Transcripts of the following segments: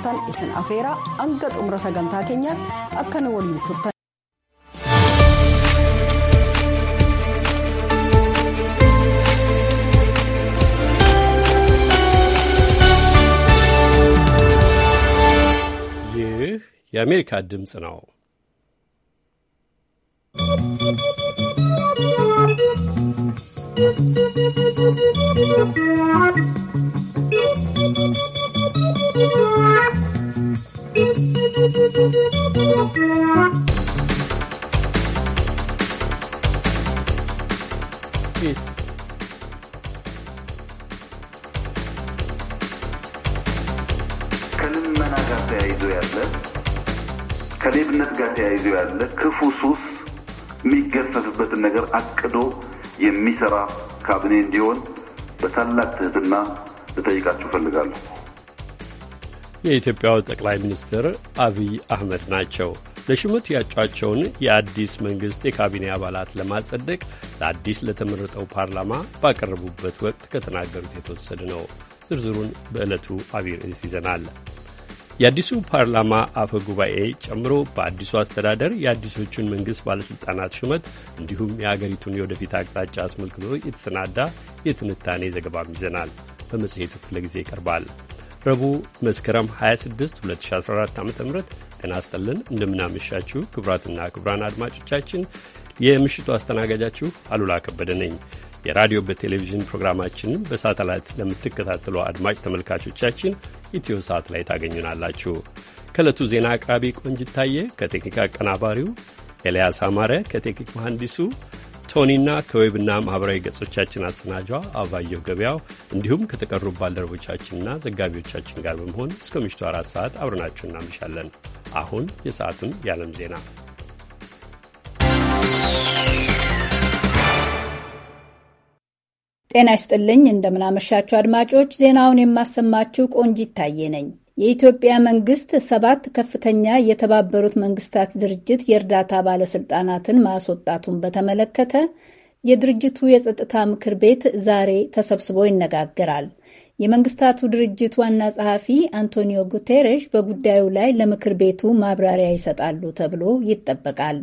sagantaaftan isin afeera hanga xumura sagantaa keenyaatti akka nu waliin turtan. ይህ የአሜሪካ ድምፅ ነው። Thank you. ከልመና ጋር ተያይዞ ያለ ከሌብነት ጋር ተያይዞ ያለ ክፉ ሱስ የሚገፈፍበትን ነገር አቅዶ የሚሰራ ካቢኔ እንዲሆን በታላቅ ትህትና ልጠይቃችሁ እፈልጋለሁ። የኢትዮጵያው ጠቅላይ ሚኒስትር አብይ አህመድ ናቸው። ለሹመቱ ያጯቸውን የአዲስ መንግሥት የካቢኔ አባላት ለማጸደቅ ለአዲስ ለተመረጠው ፓርላማ ባቀረቡበት ወቅት ከተናገሩት የተወሰደ ነው። ዝርዝሩን በዕለቱ አብይ ርዕስ ይዘናል። የአዲሱ ፓርላማ አፈ ጉባኤ ጨምሮ በአዲሱ አስተዳደር የአዲሶቹን መንግሥት ባለሥልጣናት ሹመት እንዲሁም የአገሪቱን የወደፊት አቅጣጫ አስመልክቶ የተሰናዳ የትንታኔ ዘገባም ይዘናል። በመጽሔቱ ክፍለ ጊዜ ይቀርባል። ረቡዕ መስከረም 26 2014 ዓ ም ጤና ይስጥልን። እንደምናመሻችሁ ክቡራትና ክቡራን አድማጮቻችን የምሽቱ አስተናጋጃችሁ አሉላ ከበደ ነኝ። የራዲዮ በቴሌቪዥን ፕሮግራማችንን በሳተላይት ለምትከታተሉ አድማጭ ተመልካቾቻችን ኢትዮ ሳት ላይ ታገኙናላችሁ። ከእለቱ ዜና አቅራቢ ቆንጅታየ፣ ከቴክኒክ አቀናባሪው ኤልያስ አማረ፣ ከቴክኒክ መሐንዲሱ ቶኒና ከዌብና ማኅበራዊ ገጾቻችን አሰናጇ አባየሁ ገበያው እንዲሁም ከተቀሩ ባልደረቦቻችንና ዘጋቢዎቻችን ጋር በመሆን እስከ ምሽቱ አራት ሰዓት አብረናችሁ እናመሻለን። አሁን የሰዓቱን የዓለም ዜና ጤና ይስጥልኝ። እንደምናመሻችሁ አድማጮች፣ ዜናውን የማሰማችሁ ቆንጅ ታዬ ነኝ። የኢትዮጵያ መንግስት ሰባት ከፍተኛ የተባበሩት መንግስታት ድርጅት የእርዳታ ባለስልጣናትን ማስወጣቱን በተመለከተ የድርጅቱ የጸጥታ ምክር ቤት ዛሬ ተሰብስቦ ይነጋገራል። የመንግስታቱ ድርጅት ዋና ጸሐፊ አንቶኒዮ ጉቴሬሽ በጉዳዩ ላይ ለምክር ቤቱ ማብራሪያ ይሰጣሉ ተብሎ ይጠበቃል።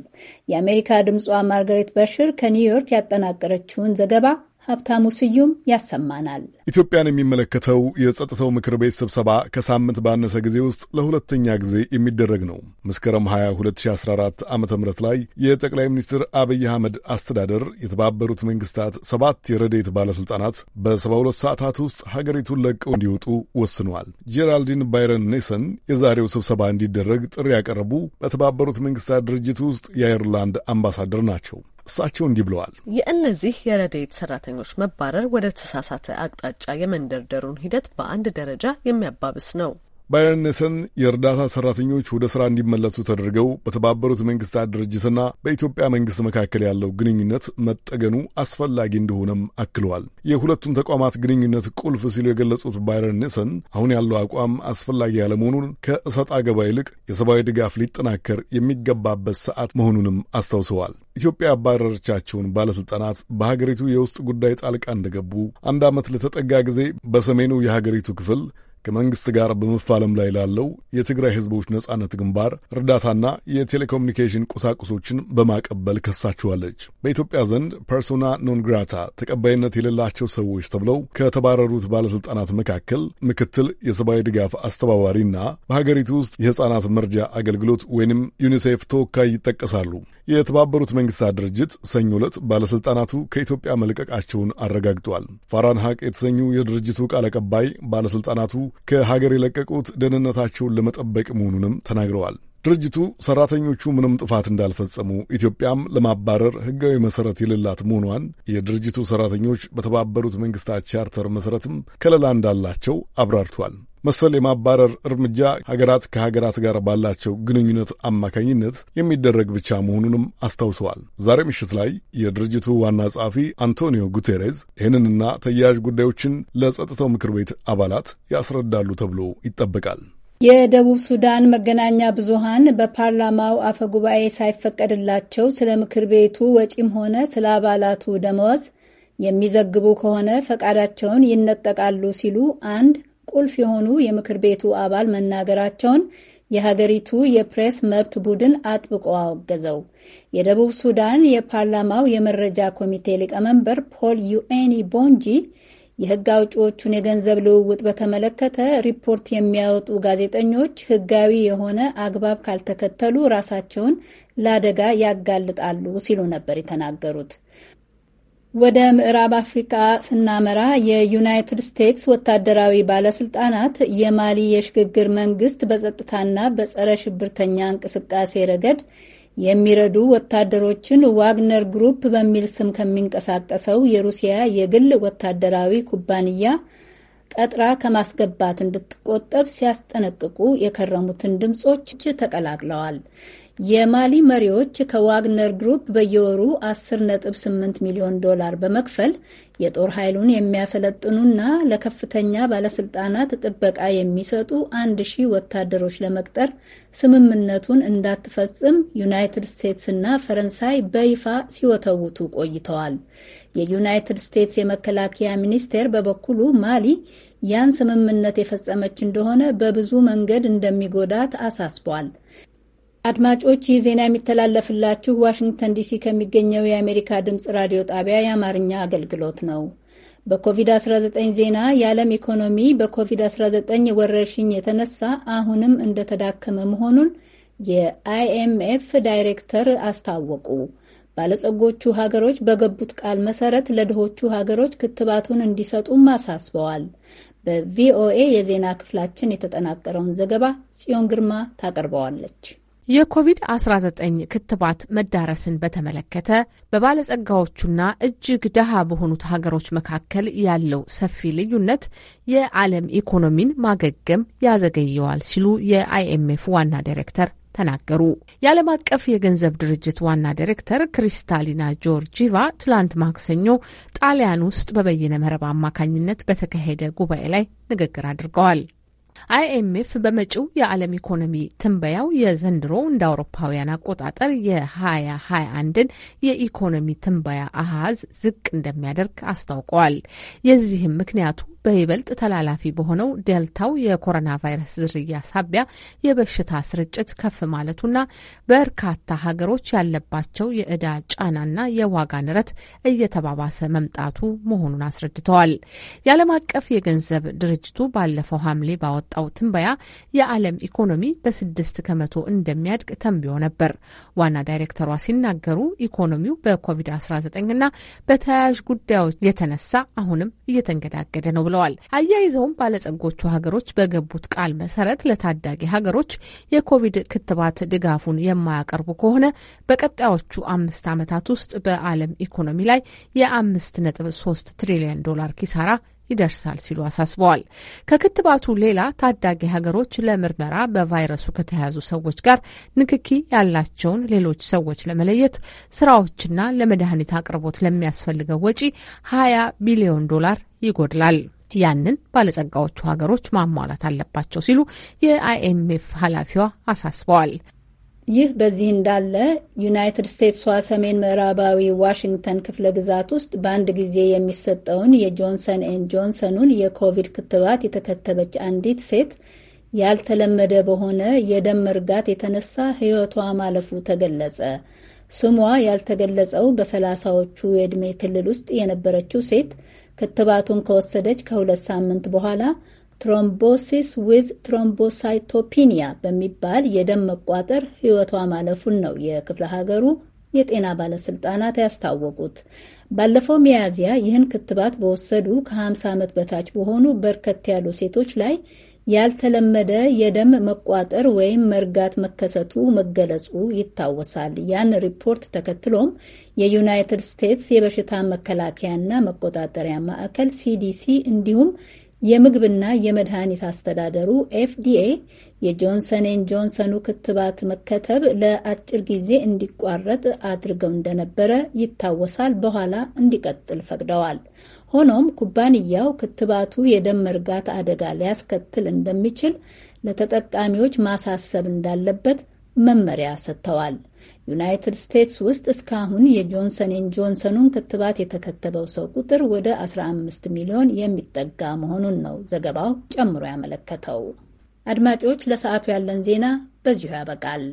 የአሜሪካ ድምጿ ማርጋሬት በሽር ከኒውዮርክ ያጠናቀረችውን ዘገባ ሀብታሙ ስዩም ያሰማናል። ኢትዮጵያን የሚመለከተው የጸጥታው ምክር ቤት ስብሰባ ከሳምንት ባነሰ ጊዜ ውስጥ ለሁለተኛ ጊዜ የሚደረግ ነው። መስከረም 22 2014 ዓ ም ላይ የጠቅላይ ሚኒስትር አብይ አህመድ አስተዳደር የተባበሩት መንግስታት ሰባት የረዴት ባለሥልጣናት በ72 ሰዓታት ውስጥ ሀገሪቱን ለቀው እንዲወጡ ወስነዋል። ጄራልዲን ባይረን ኔሰን የዛሬው ስብሰባ እንዲደረግ ጥሪ ያቀረቡ በተባበሩት መንግስታት ድርጅት ውስጥ የአይርላንድ አምባሳደር ናቸው። እሳቸው እንዲህ ብለዋል። የእነዚህ የረድኤት ሰራተኞች መባረር ወደ ተሳሳተ አቅጣጫ የመንደርደሩን ሂደት በአንድ ደረጃ የሚያባብስ ነው። ባያነሰን የእርዳታ ሰራተኞች ወደ ሥራ እንዲመለሱ ተደርገው በተባበሩት መንግስታት ድርጅትና በኢትዮጵያ መንግስት መካከል ያለው ግንኙነት መጠገኑ አስፈላጊ እንደሆነም አክለዋል። የሁለቱን ተቋማት ግንኙነት ቁልፍ ሲሉ የገለጹት ባይረን ኒሰን አሁን ያለው አቋም አስፈላጊ ያለመሆኑን ከእሰጥ አገባ ይልቅ የሰብአዊ ድጋፍ ሊጠናከር የሚገባበት ሰዓት መሆኑንም አስታውሰዋል። ኢትዮጵያ ያባረረቻቸውን ባለሥልጣናት በሀገሪቱ የውስጥ ጉዳይ ጣልቃ እንደገቡ አንድ ዓመት ለተጠጋ ጊዜ በሰሜኑ የሀገሪቱ ክፍል ከመንግስት ጋር በመፋለም ላይ ላለው የትግራይ ህዝቦች ነጻነት ግንባር እርዳታና የቴሌኮሙኒኬሽን ቁሳቁሶችን በማቀበል ከሳችኋለች። በኢትዮጵያ ዘንድ ፐርሶና ኖንግራታ ተቀባይነት የሌላቸው ሰዎች ተብለው ከተባረሩት ባለስልጣናት መካከል ምክትል የሰብአዊ ድጋፍ አስተባባሪና በሀገሪቱ ውስጥ የህፃናት መርጃ አገልግሎት ወይንም ዩኒሴፍ ተወካይ ይጠቀሳሉ። የተባበሩት መንግስታት ድርጅት ሰኞ ዕለት ባለሥልጣናቱ ከኢትዮጵያ መልቀቃቸውን አረጋግጧል። ፋራን ሀቅ የተሰኙ የድርጅቱ ቃል አቀባይ ባለሥልጣናቱ ከሀገር የለቀቁት ደህንነታቸውን ለመጠበቅ መሆኑንም ተናግረዋል። ድርጅቱ ሰራተኞቹ ምንም ጥፋት እንዳልፈጸሙ ኢትዮጵያም ለማባረር ሕጋዊ መሠረት የሌላት መሆኗን የድርጅቱ ሰራተኞች በተባበሩት መንግስታት ቻርተር መሠረትም ከለላ እንዳላቸው አብራርቷል። መሰል የማባረር እርምጃ ሀገራት ከሀገራት ጋር ባላቸው ግንኙነት አማካኝነት የሚደረግ ብቻ መሆኑንም አስታውሰዋል። ዛሬ ምሽት ላይ የድርጅቱ ዋና ጸሐፊ አንቶኒዮ ጉቴሬዝ ይህንንና ተያያዥ ጉዳዮችን ለጸጥታው ምክር ቤት አባላት ያስረዳሉ ተብሎ ይጠበቃል። የደቡብ ሱዳን መገናኛ ብዙሃን በፓርላማው አፈ ጉባኤ ሳይፈቀድላቸው ስለ ምክር ቤቱ ወጪም ሆነ ስለ አባላቱ ደመወዝ የሚዘግቡ ከሆነ ፈቃዳቸውን ይነጠቃሉ ሲሉ አንድ ቁልፍ የሆኑ የምክር ቤቱ አባል መናገራቸውን የሀገሪቱ የፕሬስ መብት ቡድን አጥብቆ አወገዘው። የደቡብ ሱዳን የፓርላማው የመረጃ ኮሚቴ ሊቀመንበር ፖል ዩኤኒ ቦንጂ የሕግ አውጪዎቹን የገንዘብ ልውውጥ በተመለከተ ሪፖርት የሚያወጡ ጋዜጠኞች ሕጋዊ የሆነ አግባብ ካልተከተሉ ራሳቸውን ለአደጋ ያጋልጣሉ ሲሉ ነበር የተናገሩት። ወደ ምዕራብ አፍሪካ ስናመራ የዩናይትድ ስቴትስ ወታደራዊ ባለስልጣናት የማሊ የሽግግር መንግስት በጸጥታና በጸረ ሽብርተኛ እንቅስቃሴ ረገድ የሚረዱ ወታደሮችን ዋግነር ግሩፕ በሚል ስም ከሚንቀሳቀሰው የሩሲያ የግል ወታደራዊ ኩባንያ ቀጥራ ከማስገባት እንድትቆጠብ ሲያስጠነቅቁ የከረሙትን ድምጾች ተቀላቅለዋል። የማሊ መሪዎች ከዋግነር ግሩፕ በየወሩ 10.8 ሚሊዮን ዶላር በመክፈል የጦር ኃይሉን የሚያሰለጥኑና ለከፍተኛ ባለስልጣናት ጥበቃ የሚሰጡ አንድ ሺህ ወታደሮች ለመቅጠር ስምምነቱን እንዳትፈጽም ዩናይትድ ስቴትስና ፈረንሳይ በይፋ ሲወተውቱ ቆይተዋል። የዩናይትድ ስቴትስ የመከላከያ ሚኒስቴር በበኩሉ ማሊ ያን ስምምነት የፈጸመች እንደሆነ በብዙ መንገድ እንደሚጎዳት አሳስቧል። አድማጮች ይህ ዜና የሚተላለፍላችሁ ዋሽንግተን ዲሲ ከሚገኘው የአሜሪካ ድምፅ ራዲዮ ጣቢያ የአማርኛ አገልግሎት ነው። በኮቪድ-19 ዜና የዓለም ኢኮኖሚ በኮቪድ-19 ወረርሽኝ የተነሳ አሁንም እንደተዳከመ መሆኑን የአይኤምኤፍ ዳይሬክተር አስታወቁ። ባለጸጎቹ ሀገሮች በገቡት ቃል መሰረት ለድሆቹ ሀገሮች ክትባቱን እንዲሰጡም አሳስበዋል። በቪኦኤ የዜና ክፍላችን የተጠናቀረውን ዘገባ ጽዮን ግርማ ታቀርበዋለች። የኮቪድ-19 ክትባት መዳረስን በተመለከተ በባለጸጋዎቹና እጅግ ደሃ በሆኑት ሀገሮች መካከል ያለው ሰፊ ልዩነት የዓለም ኢኮኖሚን ማገገም ያዘገየዋል ሲሉ የአይኤምኤፍ ዋና ዳይሬክተር ተናገሩ። የዓለም አቀፍ የገንዘብ ድርጅት ዋና ዳይሬክተር ክሪስታሊና ጆርጂቫ ትላንት ማክሰኞ ጣሊያን ውስጥ በበይነ መረብ አማካኝነት በተካሄደ ጉባኤ ላይ ንግግር አድርገዋል። አይኤምኤፍ በመጪው የዓለም ኢኮኖሚ ትንበያው የዘንድሮ እንደ አውሮፓውያን አቆጣጠር የ2021ን የኢኮኖሚ ትንበያ አሃዝ ዝቅ እንደሚያደርግ አስታውቀዋል። የዚህም ምክንያቱ በይበልጥ ተላላፊ በሆነው ዴልታው የኮሮና ቫይረስ ዝርያ ሳቢያ የበሽታ ስርጭት ከፍ ማለቱና በርካታ ሀገሮች ያለባቸው የዕዳ ጫናና የዋጋ ንረት እየተባባሰ መምጣቱ መሆኑን አስረድተዋል። የዓለም አቀፍ የገንዘብ ድርጅቱ ባለፈው ሐምሌ ባወጣው ትንበያ የዓለም ኢኮኖሚ በስድስት ከመቶ እንደሚያድግ ተንብዮ ነበር። ዋና ዳይሬክተሯ ሲናገሩ ኢኮኖሚው በኮቪድ-19 እና በተያያዥ ጉዳዮች የተነሳ አሁንም እየተንገዳገደ ነው ብለዋል። አያይዘውም ባለጸጎቹ ሀገሮች በገቡት ቃል መሰረት ለታዳጊ ሀገሮች የኮቪድ ክትባት ድጋፉን የማያቀርቡ ከሆነ በቀጣዮቹ አምስት ዓመታት ውስጥ በዓለም ኢኮኖሚ ላይ የአምስት ነጥብ ሶስት ትሪሊዮን ዶላር ኪሳራ ይደርሳል ሲሉ አሳስበዋል። ከክትባቱ ሌላ ታዳጊ ሀገሮች ለምርመራ በቫይረሱ ከተያዙ ሰዎች ጋር ንክኪ ያላቸውን ሌሎች ሰዎች ለመለየት ስራዎችና ለመድኃኒት አቅርቦት ለሚያስፈልገው ወጪ 20 ቢሊዮን ዶላር ይጎድላል። ያንን ባለጸጋዎቹ ሀገሮች ማሟላት አለባቸው ሲሉ የአይኤምኤፍ ኃላፊዋ አሳስበዋል። ይህ በዚህ እንዳለ ዩናይትድ ስቴትሷ ሰሜን ምዕራባዊ ዋሽንግተን ክፍለ ግዛት ውስጥ በአንድ ጊዜ የሚሰጠውን የጆንሰን ኤን ጆንሰኑን የኮቪድ ክትባት የተከተበች አንዲት ሴት ያልተለመደ በሆነ የደም መርጋት የተነሳ ሕይወቷ ማለፉ ተገለጸ። ስሟ ያልተገለጸው በሰላሳዎቹ የዕድሜ ክልል ውስጥ የነበረችው ሴት ክትባቱን ከወሰደች ከሁለት ሳምንት በኋላ ትሮምቦሲስ ዊዝ ትሮምቦሳይቶፒኒያ በሚባል የደም መቋጠር ሕይወቷ ማለፉን ነው የክፍለ ሀገሩ የጤና ባለስልጣናት ያስታወቁት። ባለፈው ሚያዝያ ይህን ክትባት በወሰዱ ከ50 ዓመት በታች በሆኑ በርከት ያሉ ሴቶች ላይ ያልተለመደ የደም መቋጠር ወይም መርጋት መከሰቱ መገለጹ ይታወሳል። ያን ሪፖርት ተከትሎም የዩናይትድ ስቴትስ የበሽታ መከላከያና መቆጣጠሪያ ማዕከል ሲዲሲ እንዲሁም የምግብና የመድኃኒት አስተዳደሩ ኤፍዲኤ የጆንሰን ጆንሰኑ ክትባት መከተብ ለአጭር ጊዜ እንዲቋረጥ አድርገው እንደነበረ ይታወሳል። በኋላ እንዲቀጥል ፈቅደዋል። ሆኖም ኩባንያው ክትባቱ የደም መርጋት አደጋ ሊያስከትል እንደሚችል ለተጠቃሚዎች ማሳሰብ እንዳለበት መመሪያ ሰጥተዋል። ዩናይትድ ስቴትስ ውስጥ እስካሁን የጆንሰንን ጆንሰኑን ክትባት የተከተበው ሰው ቁጥር ወደ 15 ሚሊዮን የሚጠጋ መሆኑን ነው ዘገባው ጨምሮ ያመለከተው። አድማጮች፣ ለሰዓቱ ያለን ዜና በዚሁ ያበቃል።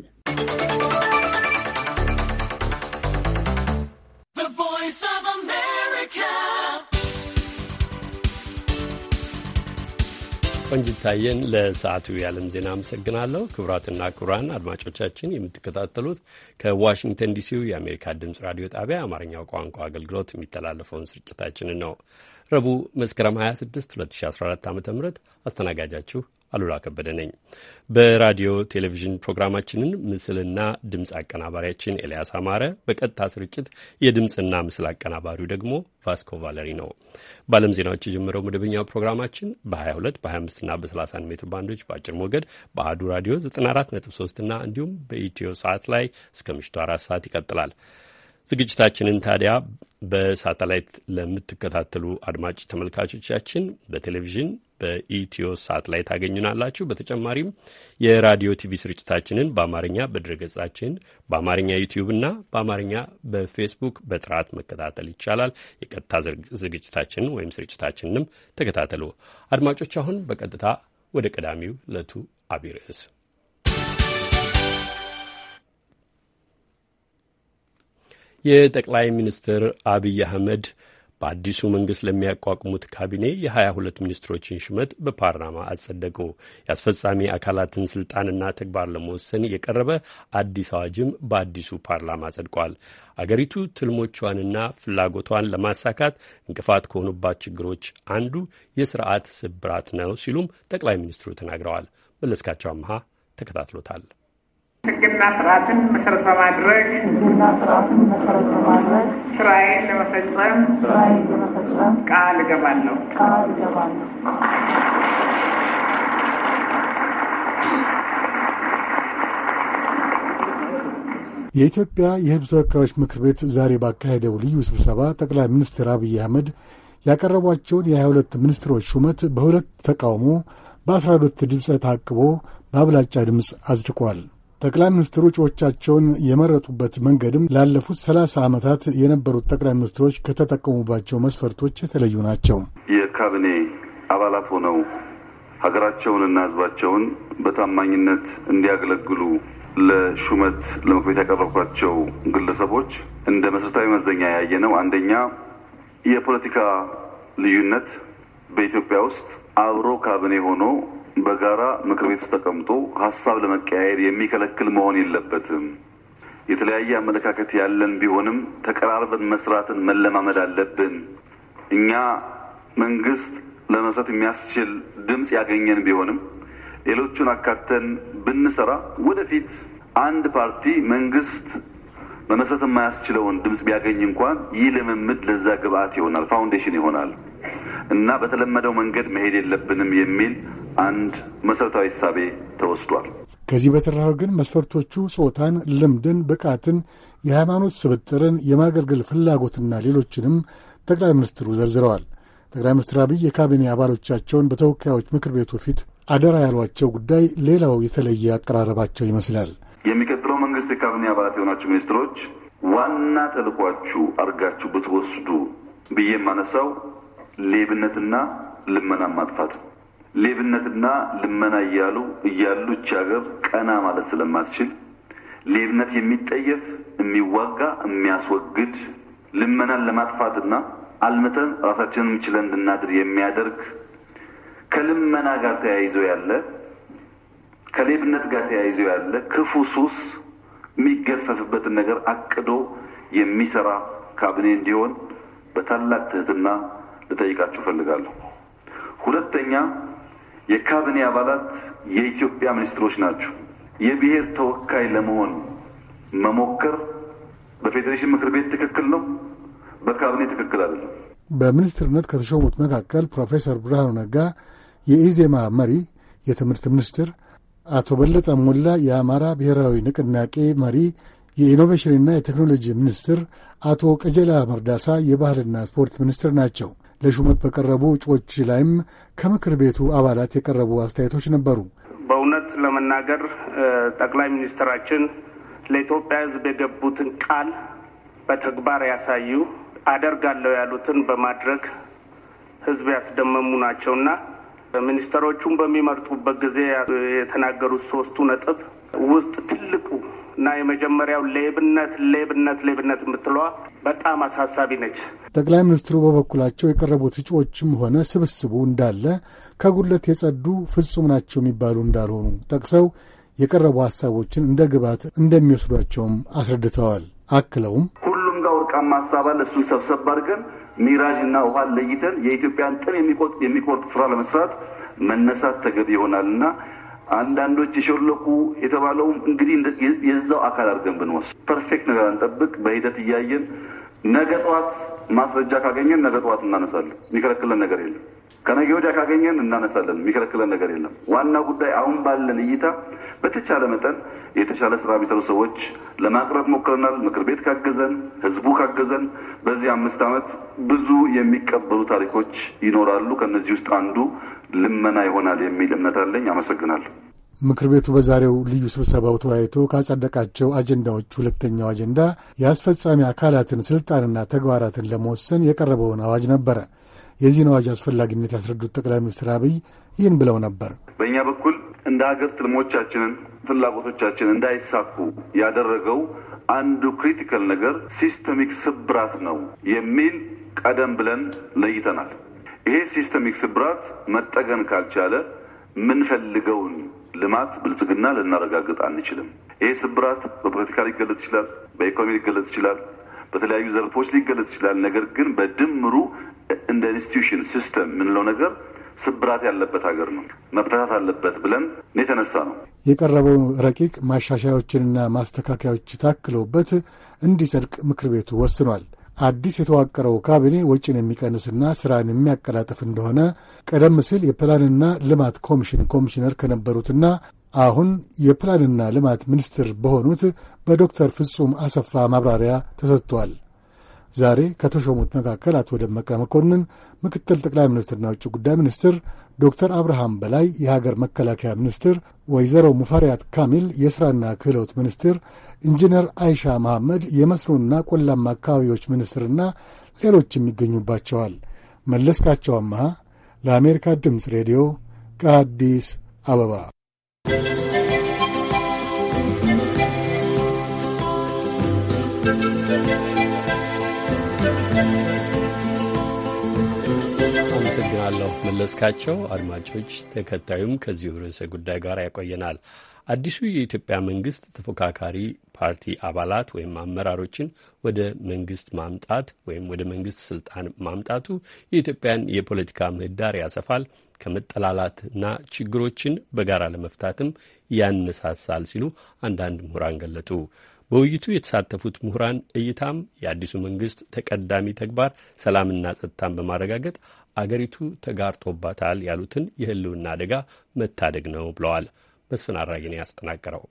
ቆንጅታየን ለሰዓቱ የዓለም ዜና አመሰግናለሁ። ክቡራትና ክቡራን አድማጮቻችን የምትከታተሉት ከዋሽንግተን ዲሲው የአሜሪካ ድምፅ ራዲዮ ጣቢያ አማርኛው ቋንቋ አገልግሎት የሚተላለፈውን ስርጭታችንን ነው። ረቡዕ መስከረም 26 2014 ዓ ም አስተናጋጃችሁ አሉላ ከበደ ነኝ። በራዲዮ ቴሌቪዥን ፕሮግራማችንን ምስልና ድምፅ አቀናባሪያችን ኤልያስ አማረ፣ በቀጥታ ስርጭት የድምፅና ምስል አቀናባሪው ደግሞ ቫስኮ ቫለሪ ነው። በዓለም ዜናዎች የጀመረው መደበኛው ፕሮግራማችን በ22 በ25ና በ31 ሜትር ባንዶች በአጭር ሞገድ በአህዱ ራዲዮ 94.3 ና እንዲሁም በኢትዮ ሰዓት ላይ እስከ ምሽቱ አራት ሰዓት ይቀጥላል። ዝግጅታችንን ታዲያ በሳተላይት ለምትከታተሉ አድማጭ ተመልካቾቻችን በቴሌቪዥን በኢትዮ ሳት ላይ ታገኙናላችሁ። በተጨማሪም የራዲዮ ቲቪ ስርጭታችንን በአማርኛ በድረገጻችን በአማርኛ ዩቲዩብ እና በአማርኛ በፌስቡክ በጥራት መከታተል ይቻላል። የቀጥታ ዝግጅታችንን ወይም ስርጭታችንንም ተከታተሉ። አድማጮች፣ አሁን በቀጥታ ወደ ቀዳሚው ዕለቱ አቢይ ርዕስ የጠቅላይ ሚኒስትር አብይ አህመድ በአዲሱ መንግስት ለሚያቋቁሙት ካቢኔ የ22 ሚኒስትሮችን ሹመት በፓርላማ አጸደቁ። የአስፈጻሚ አካላትን ስልጣንና ተግባር ለመወሰን የቀረበ አዲስ አዋጅም በአዲሱ ፓርላማ ጸድቋል። አገሪቱ ትልሞቿንና ፍላጎቷን ለማሳካት እንቅፋት ከሆኑባት ችግሮች አንዱ የስርዓት ስብራት ነው ሲሉም ጠቅላይ ሚኒስትሩ ተናግረዋል። መለስካቸው አምሃ ተከታትሎታል። ህግና ስርዓትን መሰረት በማድረግ ሕግና ስርዓትን መሰረት በማድረግ ስራዬን ለመፈጸም ስራዬን ለመፈጸም ቃል እገባለሁ ቃል እገባለሁ። የኢትዮጵያ የህዝብ ተወካዮች ምክር ቤት ዛሬ ባካሄደው ልዩ ስብሰባ ጠቅላይ ሚኒስትር አብይ አህመድ ያቀረቧቸውን የ ሁለት ሚኒስትሮች ሹመት በሁለት ተቃውሞ በ ሁለት ድምፀ ታቅቦ በአብላጫ ድምፅ አጽድቋል። ጠቅላይ ሚኒስትሩ እጩዎቻቸውን የመረጡበት መንገድም ላለፉት ሰላሳ ዓመታት የነበሩት ጠቅላይ ሚኒስትሮች ከተጠቀሙባቸው መስፈርቶች የተለዩ ናቸው። የካቢኔ አባላት ሆነው ሀገራቸውንና ሕዝባቸውን በታማኝነት እንዲያገለግሉ ለሹመት ለምክር ቤት ያቀረብኳቸው ግለሰቦች እንደ መሰረታዊ መዘኛ ያየ ነው። አንደኛ የፖለቲካ ልዩነት በኢትዮጵያ ውስጥ አብሮ ካቢኔ ሆኖ በጋራ ምክር ቤት ውስጥ ተቀምጦ ሀሳብ ለመቀያየር የሚከለክል መሆን የለበትም። የተለያየ አመለካከት ያለን ቢሆንም ተቀራርበን መስራትን መለማመድ አለብን። እኛ መንግስት ለመስራት የሚያስችል ድምፅ ያገኘን ቢሆንም ሌሎቹን አካተን ብንሰራ ወደፊት አንድ ፓርቲ መንግስት መመስረት የማያስችለውን ድምፅ ቢያገኝ እንኳን ይህ ልምምድ ለዛ ግብአት ይሆናል፣ ፋውንዴሽን ይሆናል እና በተለመደው መንገድ መሄድ የለብንም የሚል አንድ መሠረታዊ እሳቤ ተወስዷል። ከዚህ በተረፈ ግን መስፈርቶቹ ጾታን፣ ልምድን፣ ብቃትን፣ የሃይማኖት ስብጥርን፣ የማገልገል ፍላጎትና ሌሎችንም ጠቅላይ ሚኒስትሩ ዘርዝረዋል። ጠቅላይ ሚኒስትር አብይ የካቢኔ አባሎቻቸውን በተወካዮች ምክር ቤቱ ፊት አደራ ያሏቸው ጉዳይ ሌላው የተለየ አቀራረባቸው ይመስላል። የሚቀጥለው መንግስት የካቢኔ አባላት የሆናችሁ ሚኒስትሮች ዋና ተልኳችሁ አድርጋችሁ ብትወስዱ ብዬ የማነሳው ሌብነትና ልመናን ማጥፋት ሌብነትና ልመና እያሉ እያሉ እች ሀገር ቀና ማለት ስለማትችል ሌብነት የሚጠየፍ የሚዋጋ የሚያስወግድ ልመናን ለማጥፋትና አልምተን ራሳችንን ችለን እንድናድር የሚያደርግ ከልመና ጋር ተያይዞ ያለ ከሌብነት ጋር ተያይዞ ያለ ክፉ ሱስ የሚገፈፍበትን ነገር አቅዶ የሚሰራ ካቢኔ እንዲሆን በታላቅ ትህትና ልጠይቃችሁ እፈልጋለሁ። ሁለተኛ የካቢኔ አባላት የኢትዮጵያ ሚኒስትሮች ናቸው። የብሔር ተወካይ ለመሆን መሞከር በፌዴሬሽን ምክር ቤት ትክክል ነው፣ በካቢኔ ትክክል አይደለም። በሚኒስትርነት ከተሾሙት መካከል ፕሮፌሰር ብርሃኑ ነጋ የኢዜማ መሪ፣ የትምህርት ሚኒስትር፣ አቶ በለጠ ሞላ የአማራ ብሔራዊ ንቅናቄ መሪ፣ የኢኖቬሽንና የቴክኖሎጂ ሚኒስትር፣ አቶ ቀጀላ መርዳሳ የባህልና ስፖርት ሚኒስትር ናቸው። ለሹመት በቀረቡ እጩዎች ላይም ከምክር ቤቱ አባላት የቀረቡ አስተያየቶች ነበሩ። በእውነት ለመናገር ጠቅላይ ሚኒስትራችን ለኢትዮጵያ ሕዝብ የገቡትን ቃል በተግባር ያሳዩ አደርጋለሁ ያሉትን በማድረግ ሕዝብ ያስደመሙ ናቸውና ሚኒስትሮቹን በሚመርጡበት ጊዜ የተናገሩት ሶስቱ ነጥብ ውስጥ ትልቁ እና የመጀመሪያው ሌብነት ሌብነት ሌብነት የምትለዋ በጣም አሳሳቢ ነች። ጠቅላይ ሚኒስትሩ በበኩላቸው የቀረቡት እጩዎችም ሆነ ስብስቡ እንዳለ ከጉለት የጸዱ ፍጹም ናቸው የሚባሉ እንዳልሆኑ ጠቅሰው የቀረቡ ሀሳቦችን እንደ ግብዓት እንደሚወስዷቸውም አስረድተዋል። አክለውም ሁሉም ጋር ወርቃማ ሀሳብ አለ። እሱን ሰብሰብ አድርገን ሚራጅ እና ውሃን ለይተን የኢትዮጵያን ጥም የሚቆርጥ ስራ ለመስራት መነሳት ተገቢ ይሆናል እና አንዳንዶች የሾለኩ የተባለውም እንግዲህ የዛው አካል አድርገን ብንወስድ ፐርፌክት ነገር አንጠብቅ። በሂደት እያየን ነገ ጠዋት ማስረጃ ካገኘን ነገ ጠዋት እናነሳለን። የሚከለክለን ነገር የለም። ከነገ ወዲያ ካገኘን እናነሳለን። የሚከለክለን ነገር የለም። ዋና ጉዳይ አሁን ባለን እይታ በተቻለ መጠን የተሻለ ስራ የሚሰሩ ሰዎች ለማቅረብ ሞክረናል። ምክር ቤት ካገዘን፣ ህዝቡ ካገዘን በዚህ አምስት ዓመት ብዙ የሚቀበሉ ታሪኮች ይኖራሉ። ከእነዚህ ውስጥ አንዱ ልመና ይሆናል የሚል እምነት አለኝ። አመሰግናለሁ። ምክር ቤቱ በዛሬው ልዩ ስብሰባው ተወያይቶ ካጸደቃቸው አጀንዳዎች ሁለተኛው አጀንዳ የአስፈጻሚ አካላትን ስልጣንና ተግባራትን ለመወሰን የቀረበውን አዋጅ ነበረ። የዚህን አዋጅ አስፈላጊነት ያስረዱት ጠቅላይ ሚኒስትር አብይ ይህን ብለው ነበር። በእኛ በኩል እንደ ሀገር ትልሞቻችንን፣ ፍላጎቶቻችን እንዳይሳኩ ያደረገው አንዱ ክሪቲካል ነገር ሲስተሚክ ስብራት ነው የሚል ቀደም ብለን ለይተናል። ይሄ ሲስተሚክ ስብራት መጠገን ካልቻለ ምንፈልገውን ልማት ብልጽግና ልናረጋግጥ አንችልም። ይሄ ስብራት በፖለቲካ ሊገለጽ ይችላል፣ በኢኮኖሚ ሊገለጽ ይችላል፣ በተለያዩ ዘርፎች ሊገለጽ ይችላል። ነገር ግን በድምሩ እንደ ኢንስቲትዩሽን ሲስተም የምንለው ነገር ስብራት ያለበት ሀገር ነው፣ መብተታት አለበት ብለን የተነሳ ነው የቀረበው ረቂቅ ማሻሻያዎችንና ማስተካከያዎች ታክለውበት እንዲጸድቅ ምክር ቤቱ ወስኗል። አዲስ የተዋቀረው ካቢኔ ወጪን የሚቀንስና ስራን የሚያቀላጥፍ እንደሆነ ቀደም ሲል የፕላንና ልማት ኮሚሽን ኮሚሽነር ከነበሩትና አሁን የፕላንና ልማት ሚኒስትር በሆኑት በዶክተር ፍጹም አሰፋ ማብራሪያ ተሰጥቷል። ዛሬ ከተሾሙት መካከል አቶ ደመቀ መኮንን ምክትል ጠቅላይ ሚኒስትርና ውጭ ጉዳይ ሚኒስትር፣ ዶክተር አብርሃም በላይ የሀገር መከላከያ ሚኒስትር፣ ወይዘሮ ሙፈሪያት ካሚል የሥራና ክህሎት ሚኒስትር፣ ኢንጂነር አይሻ መሐመድ የመስኖና ቆላማ አካባቢዎች ሚኒስትርና ሌሎችም ይገኙባቸዋል። መለስካቸው አመሃ ለአሜሪካ ድምፅ ሬዲዮ ከአዲስ አበባ አመሰግናለሁ መለስካቸው። አድማጮች፣ ተከታዩም ከዚሁ ርዕሰ ጉዳይ ጋር ያቆየናል። አዲሱ የኢትዮጵያ መንግስት ተፎካካሪ ፓርቲ አባላት ወይም አመራሮችን ወደ መንግስት ማምጣት ወይም ወደ መንግስት ስልጣን ማምጣቱ የኢትዮጵያን የፖለቲካ ምህዳር ያሰፋል፣ ከመጠላላትና ችግሮችን በጋራ ለመፍታትም ያነሳሳል ሲሉ አንዳንድ ምሁራን ገለጡ። በውይይቱ የተሳተፉት ምሁራን እይታም የአዲሱ መንግስት ተቀዳሚ ተግባር ሰላምና ጸጥታን በማረጋገጥ አገሪቱ ተጋርጦባታል ያሉትን የህልውና አደጋ መታደግ ነው ብለዋል። መስፍን አራጊ ነው ያጠናቀረው።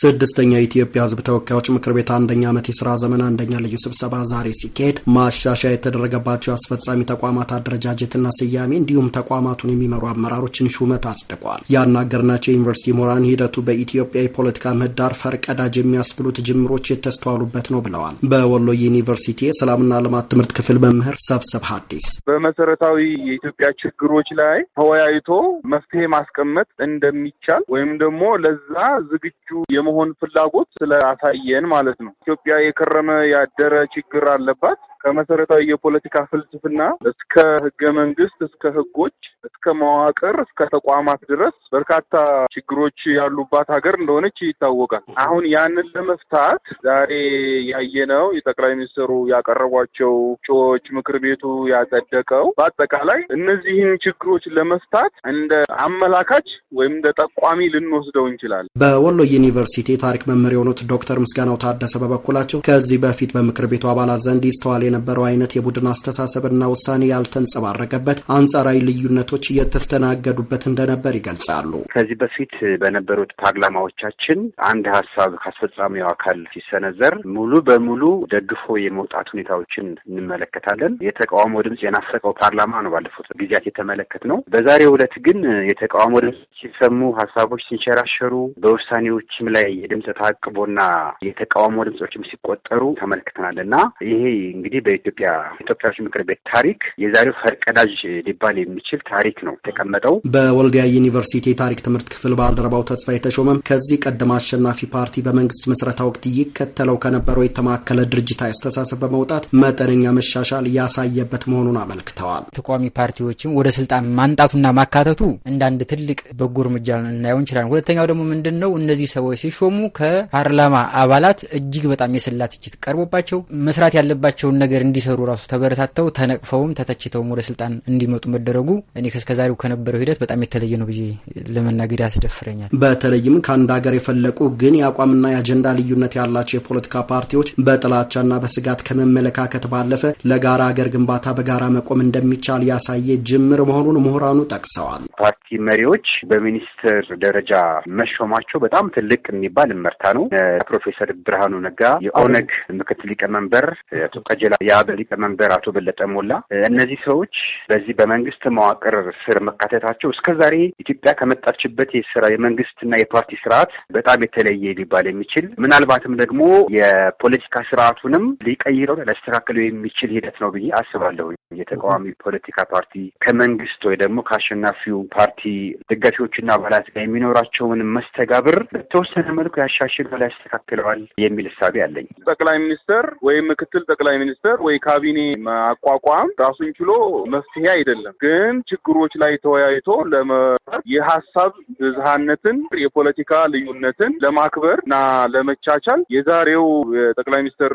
ስድስተኛ የኢትዮጵያ ሕዝብ ተወካዮች ምክር ቤት አንደኛ ዓመት የስራ ዘመን አንደኛ ልዩ ስብሰባ ዛሬ ሲካሄድ ማሻሻያ የተደረገባቸው የአስፈጻሚ ተቋማት አደረጃጀትና ስያሜ እንዲሁም ተቋማቱን የሚመሩ አመራሮችን ሹመት አጽድቋል። ያናገርናቸው ዩኒቨርሲቲ ምሁራን ሂደቱ በኢትዮጵያ የፖለቲካ ምህዳር ፈርቀዳጅ የሚያስብሉት ጅምሮች የተስተዋሉበት ነው ብለዋል። በወሎ ዩኒቨርሲቲ የሰላምና ልማት ትምህርት ክፍል መምህር ሰብሰብ ሀዲስ በመሰረታዊ የኢትዮጵያ ችግሮች ላይ ተወያይቶ መፍትሄ ማስቀመጥ እንደሚቻል ወይም ደግሞ ለዛ ዝግጁ የመሆን ፍላጎት አሳየን ማለት ነው። ኢትዮጵያ የከረመ ያደረ ችግር አለባት። ከመሰረታዊ የፖለቲካ ፍልስፍና እስከ ህገ መንግስት፣ እስከ ህጎች፣ እስከ መዋቅር፣ እስከ ተቋማት ድረስ በርካታ ችግሮች ያሉባት ሀገር እንደሆነች ይታወቃል። አሁን ያንን ለመፍታት ዛሬ ያየነው የጠቅላይ ሚኒስትሩ ያቀረቧቸው ጩዎች ምክር ቤቱ ያጸደቀው በአጠቃላይ እነዚህን ችግሮች ለመፍታት እንደ አመላካች ወይም እንደ ጠቋሚ ልንወስደው እንችላለን። በወሎ ዩኒቨርሲቲ ታሪክ መምህር የሆኑት ዶክተር ምስጋናው ታደሰ በበኩላቸው ከዚህ በፊት በምክር ቤቱ አባላት ዘንድ ይስተዋል የነበረው አይነት የቡድን አስተሳሰብና ውሳኔ ያልተንጸባረቀበት አንጻራዊ ልዩነቶች እየተስተናገዱበት እንደነበር ይገልጻሉ። ከዚህ በፊት በነበሩት ፓርላማዎቻችን አንድ ሀሳብ ከአስፈጻሚው አካል ሲሰነዘር ሙሉ በሙሉ ደግፎ የመውጣት ሁኔታዎችን እንመለከታለን። የተቃውሞ ድምፅ የናፈቀው ፓርላማ ነው ባለፉት ጊዜያት የተመለከት ነው። በዛሬው ዕለት ግን የተቃውሞ ድምጽ ሲሰሙ ሀሳቦች ሲንሸራሸሩ በውሳኔዎችም ላይ የድምጽ ታቅቦና የተቃውሞ ድምጾችም ሲቆጠሩ ተመልክተናል እና ይሄ እንግዲህ እንግዲህ በኢትዮጵያ ኢትዮጵያዎች ምክር ቤት ታሪክ የዛሬው ፈርቀዳጅ ሊባል የሚችል ታሪክ ነው የተቀመጠው። በወልዲያ ዩኒቨርሲቲ የታሪክ ትምህርት ክፍል ባልደረባው ተስፋ የተሾመም ከዚህ ቀደም አሸናፊ ፓርቲ በመንግስት ምስረታ ወቅት ይከተለው ከነበረው የተማከለ ድርጅታዊ አስተሳሰብ በመውጣት መጠነኛ መሻሻል ያሳየበት መሆኑን አመልክተዋል። ተቃዋሚ ፓርቲዎችም ወደ ስልጣን ማንጣቱና ማካተቱ እንዳንድ ትልቅ በጎ እርምጃ እናየው እንችላለን። ሁለተኛው ደግሞ ምንድን ነው እነዚህ ሰዎች ሲሾሙ ከፓርላማ አባላት እጅግ በጣም የሰላ ትችት ቀርቦባቸው መስራት ያለባቸውን ነገር ነገር እንዲሰሩ ራሱ ተበረታተው ተነቅፈውም ተተችተውም ወደ ስልጣን እንዲመጡ መደረጉ እኔ ከስከዛሬው ከነበረው ሂደት በጣም የተለየ ነው ብዬ ለመናገድ ያስደፍረኛል። በተለይም ከአንድ ሀገር የፈለቁ ግን የአቋምና የአጀንዳ ልዩነት ያላቸው የፖለቲካ ፓርቲዎች በጥላቻና በስጋት ከመመለካከት ባለፈ ለጋራ ሀገር ግንባታ በጋራ መቆም እንደሚቻል ያሳየ ጅምር መሆኑን ምሁራኑ ጠቅሰዋል። መሪዎች በሚኒስትር ደረጃ መሾማቸው በጣም ትልቅ የሚባል እመርታ ነው። ፕሮፌሰር ብርሃኑ ነጋ፣ የኦነግ ምክትል ሊቀመንበር አቶ ቀጀላ፣ የአብን ሊቀመንበር አቶ በለጠ ሞላ፣ እነዚህ ሰዎች በዚህ በመንግስት መዋቅር ስር መካተታቸው እስከዛሬ ኢትዮጵያ ከመጣችበት የስራ የመንግስትና የፓርቲ ስርዓት በጣም የተለየ ሊባል የሚችል ምናልባትም ደግሞ የፖለቲካ ስርዓቱንም ሊቀይረው ሊያስተካክለው የሚችል ሂደት ነው ብዬ አስባለሁ። የተቃዋሚ ፖለቲካ ፓርቲ ከመንግስት ወይ ደግሞ ከአሸናፊው ፓርቲ ደጋፊዎችና አባላት ጋር የሚኖራቸውን መስተጋብር በተወሰነ መልኩ ያሻሽላል፣ ያስተካክለዋል የሚል እሳቤ አለኝ። ጠቅላይ ሚኒስተር ወይ ምክትል ጠቅላይ ሚኒስተር ወይ ካቢኔ ማቋቋም ራሱን ችሎ መፍትሄ አይደለም፣ ግን ችግሮች ላይ ተወያይቶ ለመ የሀሳብ ብዝሃነትን የፖለቲካ ልዩነትን ለማክበር እና ለመቻቻል የዛሬው የጠቅላይ ሚኒስተር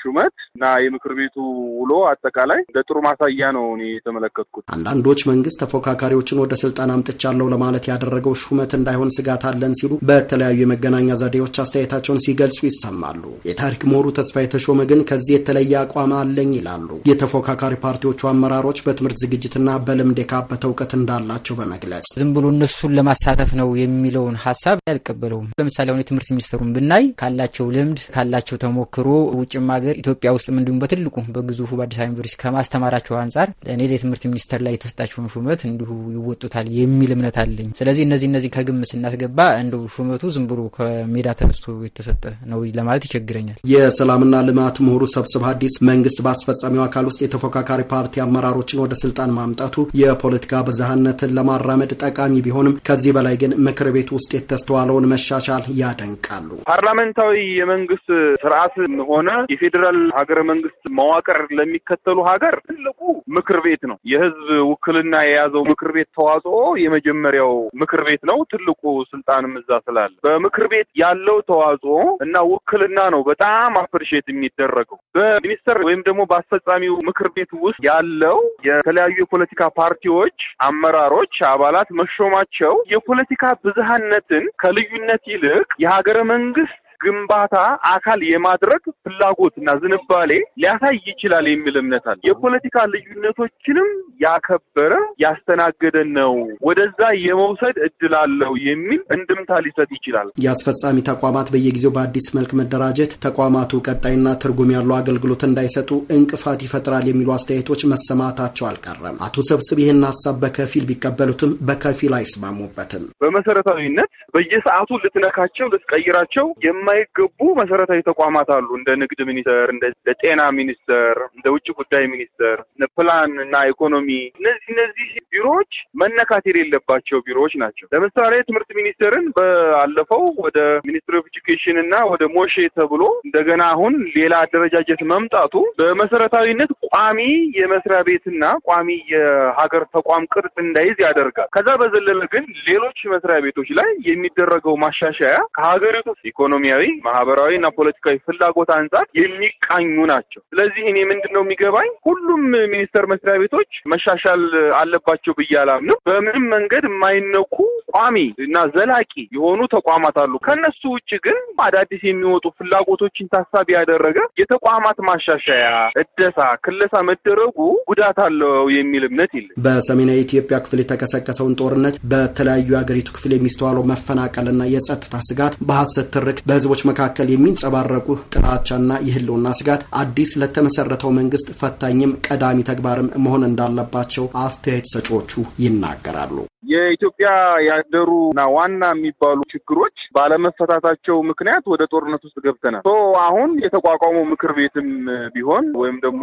ሹመት እና የምክር ቤቱ ውሎ አጠቃላይ ጥሩ ማሳያ ነው እኔ የተመለከትኩት። አንዳንዶች መንግስት ተፎካካሪዎችን ወደ ስልጣን አምጥቻለሁ ለማለት ያደረገው ሹመት እንዳይሆን ስጋት አለን ሲሉ በተለያዩ የመገናኛ ዘዴዎች አስተያየታቸውን ሲገልጹ ይሰማሉ። የታሪክ ምሁሩ ተስፋ የተሾመ ግን ከዚህ የተለየ አቋም አለኝ ይላሉ። የተፎካካሪ ፓርቲዎቹ አመራሮች በትምህርት ዝግጅትና በልምድ የካበተ እውቀት እንዳላቸው በመግለጽ ዝም ብሎ እነሱን ለማሳተፍ ነው የሚለውን ሀሳብ አልቀበለውም። ለምሳሌ አሁን የትምህርት ሚኒስትሩን ብናይ ካላቸው ልምድ ካላቸው ተሞክሮ ውጭም ሀገር ኢትዮጵያ ውስጥም እንዲሁም በትልቁ በግዙፉ በአዲስ አበባ ዩኒቨርሲቲ ከማስ ከማስተማራቸው አንጻር እኔ ለትምህርት ሚኒስቴር ላይ የተሰጣቸውን ሹመት እንዲሁ ይወጡታል የሚል እምነት አለኝ። ስለዚህ እነዚህ እነዚህ ከግም ስናስገባ እንደው ሹመቱ ዝም ብሎ ከሜዳ ተነስቶ የተሰጠ ነው ለማለት ይቸግረኛል። የሰላምና ልማት ምሁሩ ሰብስብ ሀዲስ መንግስት በአስፈጻሚው አካል ውስጥ የተፎካካሪ ፓርቲ አመራሮችን ወደ ስልጣን ማምጣቱ የፖለቲካ ብዝሃነትን ለማራመድ ጠቃሚ ቢሆንም ከዚህ በላይ ግን ምክር ቤት ውስጥ የተስተዋለውን መሻሻል ያደንቃሉ። ፓርላሜንታዊ የመንግስት ስርዓት ሆነ የፌዴራል ሀገረ መንግስት መዋቅር ለሚከተሉ ሀገር ነገር ትልቁ ምክር ቤት ነው። የህዝብ ውክልና የያዘው ምክር ቤት ተዋጽኦ የመጀመሪያው ምክር ቤት ነው። ትልቁ ስልጣንም እዛ ስላለ በምክር ቤት ያለው ተዋጽኦ እና ውክልና ነው በጣም አፕሪሼት የሚደረገው። በሚኒስተር ወይም ደግሞ በአስፈጻሚው ምክር ቤት ውስጥ ያለው የተለያዩ የፖለቲካ ፓርቲዎች አመራሮች፣ አባላት መሾማቸው የፖለቲካ ብዝሃነትን ከልዩነት ይልቅ የሀገረ መንግስት ግንባታ አካል የማድረግ ፍላጎትና ዝንባሌ ሊያሳይ ይችላል የሚል እምነት አለ። የፖለቲካ ልዩነቶችንም ያከበረ ያስተናገደ ነው፣ ወደዛ የመውሰድ እድል አለው የሚል እንድምታ ሊሰጥ ይችላል። የአስፈጻሚ ተቋማት በየጊዜው በአዲስ መልክ መደራጀት ተቋማቱ ቀጣይና ትርጉም ያለው አገልግሎት እንዳይሰጡ እንቅፋት ይፈጥራል የሚሉ አስተያየቶች መሰማታቸው አልቀረም። አቶ ሰብስብ ይህን ሀሳብ በከፊል ቢቀበሉትም በከፊል አይስማሙበትም። በመሰረታዊነት በየሰዓቱ ልትነካቸው ልትቀይራቸው የማ የማይገቡ መሰረታዊ ተቋማት አሉ። እንደ ንግድ ሚኒስተር፣ እንደ ጤና ሚኒስቴር፣ እንደ ውጭ ጉዳይ ሚኒስቴር፣ ፕላን እና ኢኮኖሚ እነዚህ እነዚህ ቢሮዎች መነካት የሌለባቸው ቢሮዎች ናቸው። ለምሳሌ ትምህርት ሚኒስቴርን በአለፈው ወደ ሚኒስትሪ ኦፍ ኤጁኬሽን እና ወደ ሞሼ ተብሎ እንደገና አሁን ሌላ አደረጃጀት መምጣቱ በመሰረታዊነት ቋሚ የመስሪያ ቤትና ቋሚ የሀገር ተቋም ቅርጽ እንዳይዝ ያደርጋል። ከዛ በዘለለ ግን ሌሎች መስሪያ ቤቶች ላይ የሚደረገው ማሻሻያ ከሀገሪቱ ኢኮኖሚ። ኢኮኖሚያዊ፣ ማህበራዊ እና ፖለቲካዊ ፍላጎት አንጻር የሚቃኙ ናቸው። ስለዚህ እኔ ምንድን ነው የሚገባኝ ሁሉም ሚኒስቴር መስሪያ ቤቶች መሻሻል አለባቸው ብዬ አላምንም። በምንም መንገድ የማይነኩ ቋሚ እና ዘላቂ የሆኑ ተቋማት አሉ። ከነሱ ውጭ ግን አዳዲስ የሚወጡ ፍላጎቶችን ታሳቢ ያደረገ የተቋማት ማሻሻያ፣ እደሳ፣ ክለሳ መደረጉ ጉዳት አለው የሚል እምነት የለ። በሰሜናዊ ኢትዮጵያ ክፍል የተቀሰቀሰውን ጦርነት፣ በተለያዩ የአገሪቱ ክፍል የሚስተዋለው መፈናቀልና የጸጥታ ስጋት በሀሰት ትርክ በህዝቡ ህዝቦች መካከል የሚንጸባረቁ ጥላቻና የህልውና ስጋት አዲስ ለተመሰረተው መንግስት ፈታኝም ቀዳሚ ተግባርም መሆን እንዳለባቸው አስተያየት ሰጪዎቹ ይናገራሉ። የኢትዮጵያ ያደሩና ዋና የሚባሉ ችግሮች ባለመፈታታቸው ምክንያት ወደ ጦርነት ውስጥ ገብተናል። አሁን የተቋቋመው ምክር ቤትም ቢሆን ወይም ደግሞ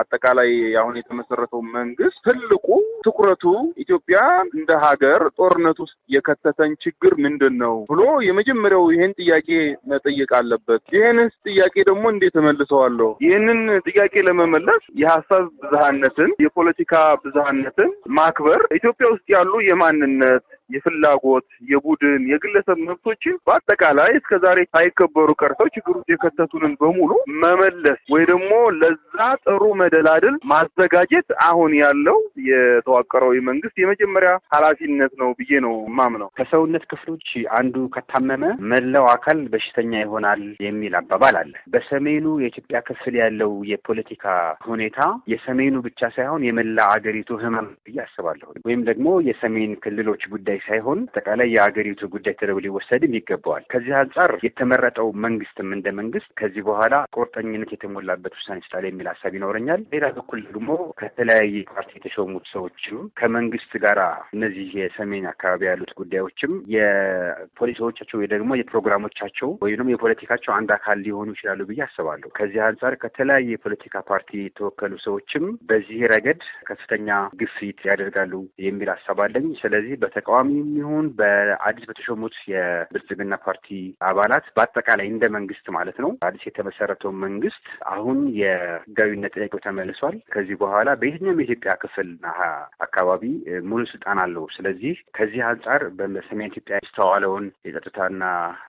አጠቃላይ አሁን የተመሰረተው መንግስት ትልቁ ትኩረቱ ኢትዮጵያ እንደ ሀገር ጦርነት ውስጥ የከተተን ችግር ምንድን ነው ብሎ የመጀመሪያው ይህን ጥያቄ መጠየቅ አለበት። ይህንስ ጥያቄ ደግሞ እንዴት እመልሰዋለሁ? ይህንን ጥያቄ ለመመለስ የሀሳብ ብዝሃነትን፣ የፖለቲካ ብዝሃነትን ማክበር ኢትዮጵያ ውስጥ ያሉ የማንነት የፍላጎት፣ የቡድን፣ የግለሰብ መብቶችን በአጠቃላይ እስከዛሬ ሳይከበሩ ቀርተው ችግር ውስጥ የከተቱንን በሙሉ መመለስ ወይ ደግሞ ለዛ ጥሩ መደላድል ማዘጋጀት አሁን ያለው የተዋቀረው መንግስት የመጀመሪያ ኃላፊነት ነው ብዬ ነው ማምነው። ከሰውነት ክፍሎች አንዱ ከታመመ መላው አካል በሽተኛ ይሆናል የሚል አባባል አለ። በሰሜኑ የኢትዮጵያ ክፍል ያለው የፖለቲካ ሁኔታ የሰሜኑ ብቻ ሳይሆን የመላ አገሪቱ ህመም ብዬ አስባለሁ። ወይም ደግሞ የሰሜን ክልሎች ጉዳይ ሳይሆን አጠቃላይ የሀገሪቱ ጉዳይ ተደርጎ ሊወሰድም ይገባዋል። ከዚህ አንጻር የተመረጠው መንግስትም እንደ መንግስት ከዚህ በኋላ ቁርጠኝነት የተሞላበት ውሳኔ ይሰጣል የሚል ሀሳብ ይኖረኛል። ሌላ በኩል ደግሞ ከተለያየ ፓርቲ የተሾሙት ሰዎችም ከመንግስት ጋር እነዚህ የሰሜን አካባቢ ያሉት ጉዳዮችም የፖሊሲዎቻቸው ወይ ደግሞ የፕሮግራሞቻቸው ወይም የፖለቲካቸው አንድ አካል ሊሆኑ ይችላሉ ብዬ አስባለሁ። ከዚህ አንጻር ከተለያየ የፖለቲካ ፓርቲ የተወከሉ ሰዎችም በዚህ ረገድ ከፍተኛ ግፊት ያደርጋሉ የሚል ሀሳብ አለኝ። ስለዚህ በተቃዋሚ በተቃዋሚም ይሁን በአዲስ በተሾሙት የብልጽግና ፓርቲ አባላት በአጠቃላይ እንደ መንግስት ማለት ነው አዲስ የተመሰረተው መንግስት አሁን የህጋዊነት ጥያቄው ተመልሷል። ከዚህ በኋላ በየትኛውም የኢትዮጵያ ክፍል አካባቢ ሙሉ ስልጣን አለው። ስለዚህ ከዚህ አንጻር በሰሜን ኢትዮጵያ የተስተዋለውን የጸጥታና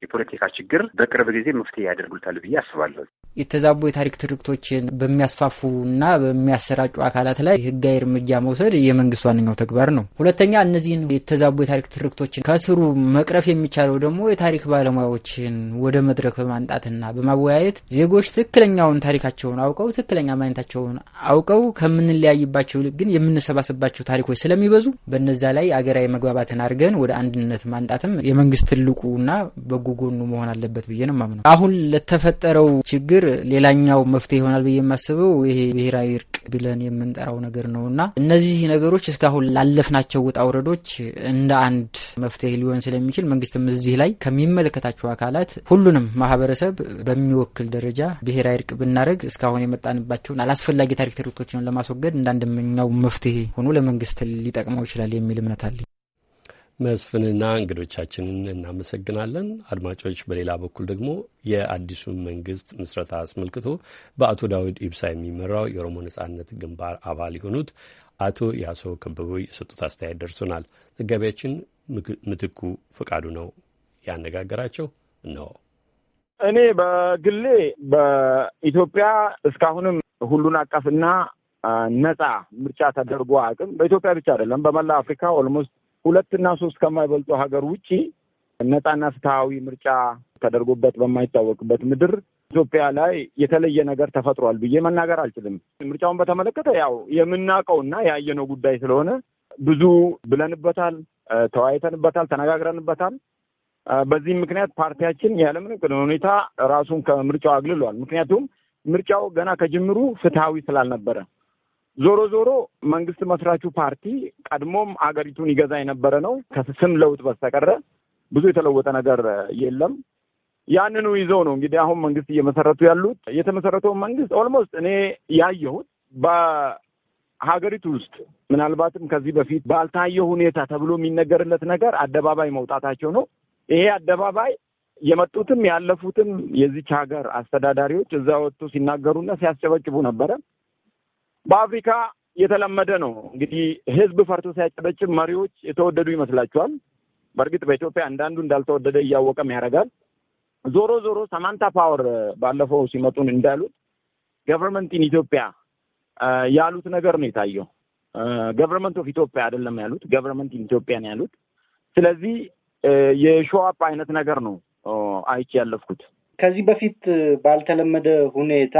የፖለቲካ ችግር በቅርብ ጊዜ መፍትሄ ያደርጉታል ብዬ አስባለሁ። የተዛቡ የታሪክ ትርክቶችን በሚያስፋፉና በሚያሰራጩ አካላት ላይ ህጋዊ እርምጃ መውሰድ የመንግስት ዋነኛው ተግባር ነው። ሁለተኛ እነዚህን የተዛቡ የታሪክ ትርክቶችን ከስሩ መቅረፍ የሚቻለው ደግሞ የታሪክ ባለሙያዎችን ወደ መድረክ በማንጣትና በማወያየት ዜጎች ትክክለኛውን ታሪካቸውን አውቀው ትክክለኛ ማንነታቸውን አውቀው ከምንለያይባቸው ግን የምንሰባሰባቸው ታሪኮች ስለሚበዙ በነዛ ላይ አገራዊ መግባባትን አድርገን ወደ አንድነት ማንጣትም የመንግስት ትልቁና በጎ ጎኑ መሆን አለበት ብዬ ነው ማምነው። አሁን ለተፈጠረው ችግር ሌላኛው መፍትሄ ይሆናል ብዬ የማስበው ይሄ ብሔራዊ እርቅ ብለን የምንጠራው ነገር ነው እና እነዚህ ነገሮች እስካሁን ላለፍናቸው ውጣ ውረዶች እንደ አንድ መፍትሄ ሊሆን ስለሚችል መንግስትም እዚህ ላይ ከሚመለከታቸው አካላት ሁሉንም ማህበረሰብ በሚወክል ደረጃ ብሔራዊ እርቅ ብናደርግ እስካሁን የመጣንባቸውን አላስፈላጊ ታሪክ ትርክቶችን ለማስወገድ እንዳንደመኛው መፍትሄ ሆኖ ለመንግስት ሊጠቅመው ይችላል የሚል እምነት አለኝ። መስፍንና እንግዶቻችንን እናመሰግናለን። አድማጮች፣ በሌላ በኩል ደግሞ የአዲሱን መንግስት ምስረታ አስመልክቶ በአቶ ዳዊድ ኢብሳ የሚመራው የኦሮሞ ነጻነት ግንባር አባል የሆኑት አቶ ያሶ ከበቦ የሰጡት አስተያየት ደርሶናል። ዘጋቢያችን ምትኩ ፈቃዱ ነው ያነጋገራቸው እነሆ እኔ በግሌ በኢትዮጵያ እስካሁንም ሁሉን አቀፍና ነፃ ምርጫ ተደርጎ አቅም በኢትዮጵያ ብቻ አይደለም በመላ አፍሪካ ኦልሞስት ሁለትና ሶስት ከማይበልጡ ሀገር ውጪ ነፃና ፍትሐዊ ምርጫ ተደርጎበት በማይታወቅበት ምድር ኢትዮጵያ ላይ የተለየ ነገር ተፈጥሯል ብዬ መናገር አልችልም። ምርጫውን በተመለከተ ያው የምናውቀውና ያየነው ጉዳይ ስለሆነ ብዙ ብለንበታል፣ ተወያይተንበታል፣ ተነጋግረንበታል። በዚህም ምክንያት ፓርቲያችን ያለምንም ቅድመ ሁኔታ ራሱን ከምርጫው አግልሏል። ምክንያቱም ምርጫው ገና ከጅምሩ ፍትሐዊ ስላልነበረ ዞሮ ዞሮ መንግስት መስራቹ ፓርቲ ቀድሞም አገሪቱን ይገዛ የነበረ ነው። ከስም ለውጥ በስተቀረ ብዙ የተለወጠ ነገር የለም። ያንኑ ይዘው ነው እንግዲህ አሁን መንግስት እየመሰረቱ ያሉት። የተመሰረተውን መንግስት ኦልሞስት እኔ ያየሁት በሀገሪቱ ውስጥ ምናልባትም ከዚህ በፊት ባልታየ ሁኔታ ተብሎ የሚነገርለት ነገር አደባባይ መውጣታቸው ነው። ይሄ አደባባይ የመጡትም ያለፉትም የዚች ሀገር አስተዳዳሪዎች እዛ ወጥቶ ሲናገሩና ሲያስጨበጭቡ ነበረ። በአፍሪካ የተለመደ ነው እንግዲህ ህዝብ ፈርቶ ሲያጨበጭብ መሪዎች የተወደዱ ይመስላችኋል? በእርግጥ በኢትዮጵያ አንዳንዱ እንዳልተወደደ እያወቀም ያደርጋል። ዞሮ ዞሮ ሰማንታ ፓወር ባለፈው ሲመጡን እንዳሉት ገቨርንመንት ኢን ኢትዮጵያ ያሉት ነገር ነው የታየው። ገቨርንመንት ኦፍ ኢትዮጵያ አይደለም ያሉት፣ ገቨርንመንት ኢን ኢትዮጵያ ነው ያሉት። ስለዚህ የሾዋፕ አይነት ነገር ነው አይቼ ያለፍኩት። ከዚህ በፊት ባልተለመደ ሁኔታ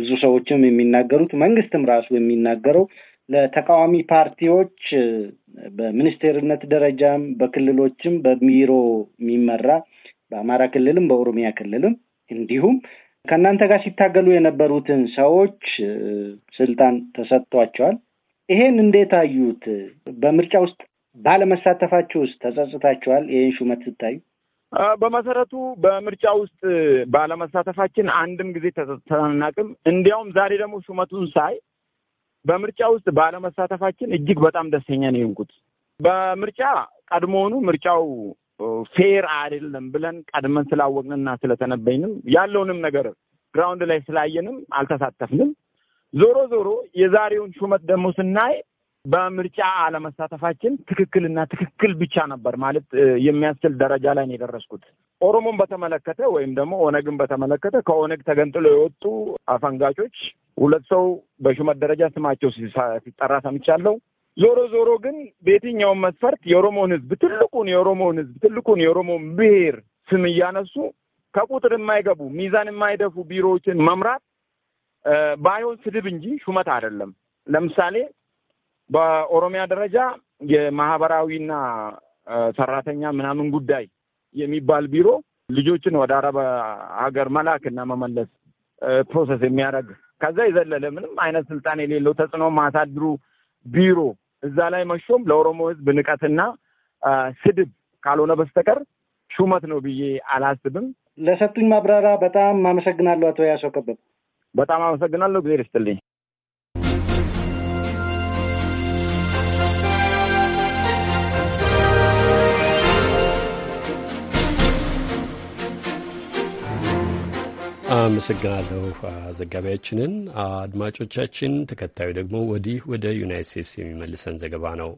ብዙ ሰዎችም የሚናገሩት መንግስትም ራሱ የሚናገረው ለተቃዋሚ ፓርቲዎች በሚኒስቴርነት ደረጃም በክልሎችም በቢሮ የሚመራ በአማራ ክልልም በኦሮሚያ ክልልም እንዲሁም ከእናንተ ጋር ሲታገሉ የነበሩትን ሰዎች ስልጣን ተሰጥቷቸዋል። ይሄን እንዴት አዩት? በምርጫ ውስጥ ባለመሳተፋቸው ውስጥ ተጸጽታቸዋል? ይህን ሹመት ስታዩ? በመሰረቱ በምርጫ ውስጥ ባለመሳተፋችን አንድም ጊዜ ተናናቅም። እንዲያውም ዛሬ ደግሞ ሹመቱን ሳይ በምርጫ ውስጥ ባለመሳተፋችን እጅግ በጣም ደስተኛ ነው የሆንኩት። በምርጫ ቀድሞውኑ ምርጫው ፌር አይደለም ብለን ቀድመን ስላወቅንና ስለተነበይንም ያለውንም ነገር ግራውንድ ላይ ስላየንም አልተሳተፍንም። ዞሮ ዞሮ የዛሬውን ሹመት ደግሞ ስናይ በምርጫ አለመሳተፋችን ትክክልና ትክክል ብቻ ነበር ማለት የሚያስችል ደረጃ ላይ ነው የደረስኩት። ኦሮሞን በተመለከተ ወይም ደግሞ ኦነግን በተመለከተ ከኦነግ ተገንጥሎ የወጡ አፈንጋጮች ሁለት ሰው በሹመት ደረጃ ስማቸው ሲጠራ ሰምቻለሁ። ዞሮ ዞሮ ግን በየትኛውም መስፈርት የኦሮሞን ህዝብ ትልቁን የኦሮሞን ህዝብ ትልቁን የኦሮሞን ብሔር ስም እያነሱ ከቁጥር የማይገቡ ሚዛን የማይደፉ ቢሮዎችን መምራት ባይሆን ስድብ እንጂ ሹመት አይደለም። ለምሳሌ በኦሮሚያ ደረጃ የማህበራዊና ሰራተኛ ምናምን ጉዳይ የሚባል ቢሮ ልጆችን ወደ አረብ ሀገር መላክና መመለስ ፕሮሰስ የሚያደርግ ከዛ የዘለለ ምንም አይነት ስልጣን የሌለው ተጽዕኖ ማሳድሩ ቢሮ እዛ ላይ መሾም ለኦሮሞ ህዝብ ንቀትና ስድብ ካልሆነ በስተቀር ሹመት ነው ብዬ አላስብም። ለሰጡኝ ማብራሪያ በጣም አመሰግናለሁ አቶ ያሰው ከበደ። በጣም አመሰግናለሁ። ጊዜ ይስጥልኝ። አመሰግናለሁ ዘጋቢያችንን። አድማጮቻችን፣ ተከታዩ ደግሞ ወዲህ ወደ ዩናይት ስቴትስ የሚመልሰን ዘገባ ነው።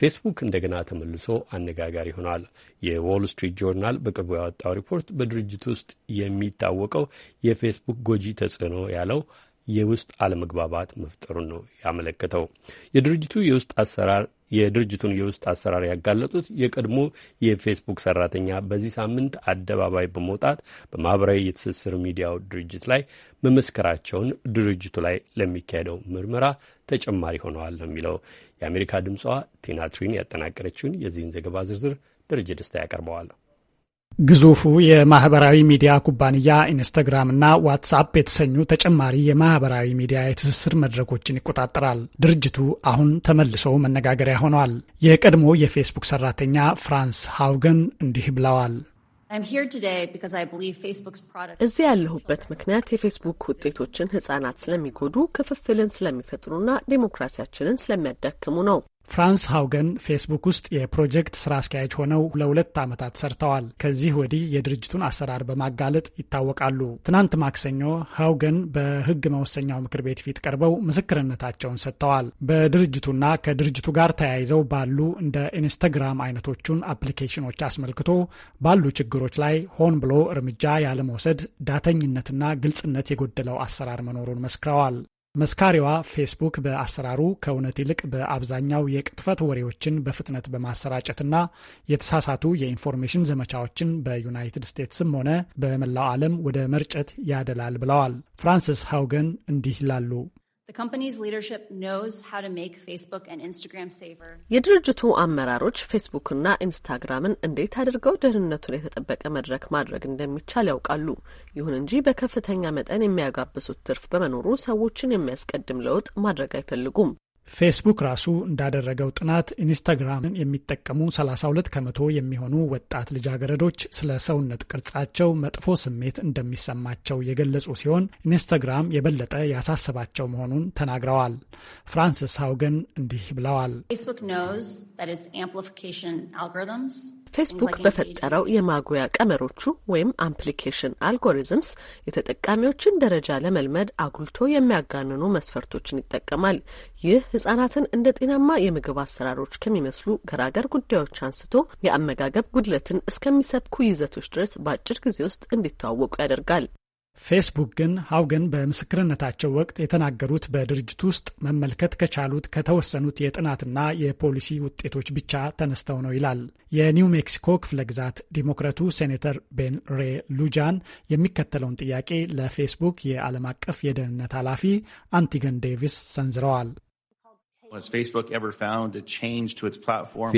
ፌስቡክ እንደገና ተመልሶ አነጋጋሪ ሆኗል። የዎል ስትሪት ጆርናል በቅርቡ ያወጣው ሪፖርት በድርጅት ውስጥ የሚታወቀው የፌስቡክ ጎጂ ተጽዕኖ ያለው የውስጥ አለመግባባት መፍጠሩን ነው ያመለከተው። የድርጅቱ የውስጥ አሰራር የድርጅቱን የውስጥ አሰራር ያጋለጡት የቀድሞ የፌስቡክ ሰራተኛ በዚህ ሳምንት አደባባይ በመውጣት በማህበራዊ የትስስር ሚዲያው ድርጅት ላይ መመስከራቸውን ድርጅቱ ላይ ለሚካሄደው ምርመራ ተጨማሪ ሆነዋል ነው የሚለው። የአሜሪካ ድምፅዋ ቲና ትሪን ያጠናቀረችውን የዚህን ዘገባ ዝርዝር ደረጀ ደስታ ያቀርበዋል። ግዙፉ የማህበራዊ ሚዲያ ኩባንያ ኢንስታግራም እና ዋትስአፕ የተሰኙ ተጨማሪ የማህበራዊ ሚዲያ የትስስር መድረኮችን ይቆጣጠራል። ድርጅቱ አሁን ተመልሶ መነጋገሪያ ሆኗል። የቀድሞ የፌስቡክ ሰራተኛ ፍራንስ ሃውገን እንዲህ ብለዋል። እዚህ ያለሁበት ምክንያት የፌስቡክ ውጤቶችን ህጻናት ስለሚጎዱ፣ ክፍፍልን ስለሚፈጥሩና ዴሞክራሲያችንን ስለሚያዳክሙ ነው። ፍራንስ ሃውገን ፌስቡክ ውስጥ የፕሮጀክት ስራ አስኪያጅ ሆነው ለሁለት ዓመታት ሰርተዋል። ከዚህ ወዲህ የድርጅቱን አሰራር በማጋለጥ ይታወቃሉ። ትናንት ማክሰኞ ሃውገን በሕግ መወሰኛው ምክር ቤት ፊት ቀርበው ምስክርነታቸውን ሰጥተዋል። በድርጅቱና ከድርጅቱ ጋር ተያይዘው ባሉ እንደ ኢንስታግራም አይነቶቹን አፕሊኬሽኖች አስመልክቶ ባሉ ችግሮች ላይ ሆን ብሎ እርምጃ ያለመውሰድ፣ ዳተኝነትና ግልጽነት የጎደለው አሰራር መኖሩን መስክረዋል። መስካሪዋ ፌስቡክ በአሰራሩ ከእውነት ይልቅ በአብዛኛው የቅጥፈት ወሬዎችን በፍጥነት በማሰራጨትና የተሳሳቱ የኢንፎርሜሽን ዘመቻዎችን በዩናይትድ ስቴትስም ሆነ በመላው ዓለም ወደ መርጨት ያደላል ብለዋል። ፍራንሲስ ሃውገን እንዲህ ይላሉ። የድርጅቱ አመራሮች ፌስቡክና ኢንስታግራምን እንዴት አድርገው ደህንነቱን የተጠበቀ መድረክ ማድረግ እንደሚቻል ያውቃሉ። ይሁን እንጂ በከፍተኛ መጠን የሚያጋብሱት ትርፍ በመኖሩ ሰዎችን የሚያስቀድም ለውጥ ማድረግ አይፈልጉም። ፌስቡክ ራሱ እንዳደረገው ጥናት ኢንስታግራምን የሚጠቀሙ 32 ከመቶ የሚሆኑ ወጣት ልጃገረዶች ስለ ሰውነት ቅርጻቸው መጥፎ ስሜት እንደሚሰማቸው የገለጹ ሲሆን ኢንስታግራም የበለጠ ያሳሰባቸው መሆኑን ተናግረዋል። ፍራንሲስ ሃውገን እንዲህ ብለዋል። ፌስቡክ በፈጠረው የማጉያ ቀመሮቹ ወይም አምፕሊኬሽን አልጎሪዝምስ የተጠቃሚዎችን ደረጃ ለመልመድ አጉልቶ የሚያጋንኑ መስፈርቶችን ይጠቀማል። ይህ ህጻናትን እንደ ጤናማ የምግብ አሰራሮች ከሚመስሉ ገራገር ጉዳዮች አንስቶ የአመጋገብ ጉድለትን እስከሚሰብኩ ይዘቶች ድረስ በአጭር ጊዜ ውስጥ እንዲተዋወቁ ያደርጋል። ፌስቡክ ግን ሀውገን በምስክርነታቸው ወቅት የተናገሩት በድርጅቱ ውስጥ መመልከት ከቻሉት ከተወሰኑት የጥናትና የፖሊሲ ውጤቶች ብቻ ተነስተው ነው ይላል። የኒው ሜክሲኮ ክፍለ ግዛት ዲሞክራቱ ሴኔተር ቤን ሬ ሉጃን የሚከተለውን ጥያቄ ለፌስቡክ የዓለም አቀፍ የደህንነት ኃላፊ አንቲገን ዴቪስ ሰንዝረዋል።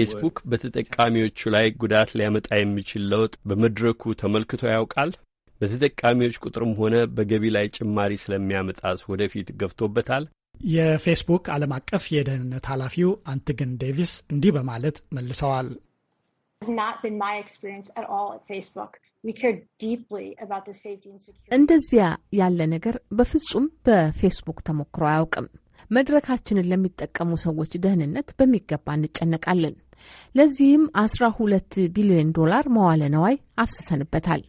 ፌስቡክ በተጠቃሚዎቹ ላይ ጉዳት ሊያመጣ የሚችል ለውጥ በመድረኩ ተመልክቶ ያውቃል? በተጠቃሚዎች ቁጥርም ሆነ በገቢ ላይ ጭማሪ ስለሚያመጣስ ወደፊት ገፍቶበታል። የፌስቡክ ዓለም አቀፍ የደህንነት ኃላፊው አንትግን ዴቪስ እንዲህ በማለት መልሰዋል። እንደዚያ ያለ ነገር በፍጹም በፌስቡክ ተሞክሮ አያውቅም። መድረካችንን ለሚጠቀሙ ሰዎች ደህንነት በሚገባ እንጨነቃለን። ለዚህም አስራ ሁለት ቢሊዮን ዶላር መዋለ ነዋይ አፍስሰንበታል።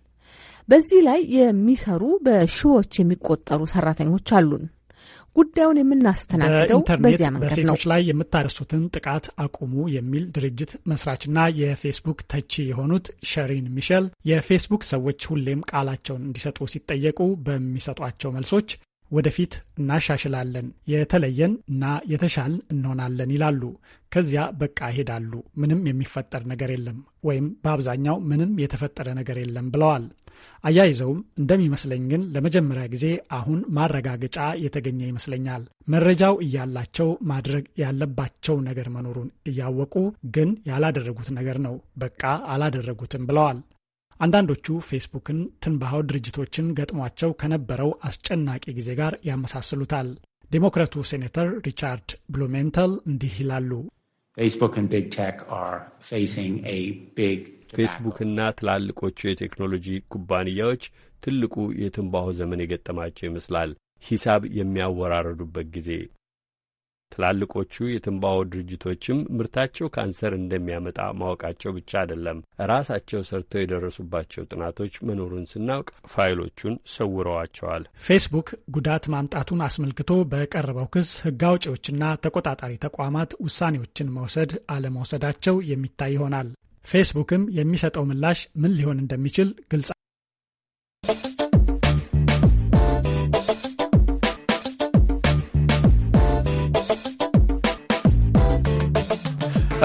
በዚህ ላይ የሚሰሩ በሺዎች የሚቆጠሩ ሰራተኞች አሉን። ጉዳዩን የምናስተናግደው በዚያ መንገድ ነው። በሴቶች ላይ የምታደርሱትን ጥቃት አቁሙ የሚል ድርጅት መስራችና የፌስቡክ ተቺ የሆኑት ሸሪን ሚሸል የፌስቡክ ሰዎች ሁሌም ቃላቸውን እንዲሰጡ ሲጠየቁ በሚሰጧቸው መልሶች ወደፊት እናሻሽላለን፣ የተለየን እና የተሻል እንሆናለን ይላሉ። ከዚያ በቃ ይሄዳሉ። ምንም የሚፈጠር ነገር የለም ወይም በአብዛኛው ምንም የተፈጠረ ነገር የለም ብለዋል። አያይዘውም እንደሚመስለኝ ግን ለመጀመሪያ ጊዜ አሁን ማረጋገጫ የተገኘ ይመስለኛል። መረጃው እያላቸው ማድረግ ያለባቸው ነገር መኖሩን እያወቁ ግን ያላደረጉት ነገር ነው። በቃ አላደረጉትም ብለዋል። አንዳንዶቹ ፌስቡክን ትንባሃው ድርጅቶችን ገጥሟቸው ከነበረው አስጨናቂ ጊዜ ጋር ያመሳስሉታል። ዴሞክራቱ ሴኔተር ሪቻርድ ብሉሜንተል እንዲህ ይላሉ። ፌስቡክ ፌስቡክና ትላልቆቹ የቴክኖሎጂ ኩባንያዎች ትልቁ የትንባሆ ዘመን የገጠማቸው ይመስላል። ሂሳብ የሚያወራረዱበት ጊዜ ትላልቆቹ የትንባሆ ድርጅቶችም ምርታቸው ካንሰር እንደሚያመጣ ማወቃቸው ብቻ አይደለም፣ ራሳቸው ሰርተው የደረሱባቸው ጥናቶች መኖሩን ስናውቅ ፋይሎቹን ሰውረዋቸዋል። ፌስቡክ ጉዳት ማምጣቱን አስመልክቶ በቀረበው ክስ ሕግ አውጪዎችና ተቆጣጣሪ ተቋማት ውሳኔዎችን መውሰድ አለመውሰዳቸው የሚታይ ይሆናል። ፌስቡክም የሚሰጠው ምላሽ ምን ሊሆን እንደሚችል ግልጽ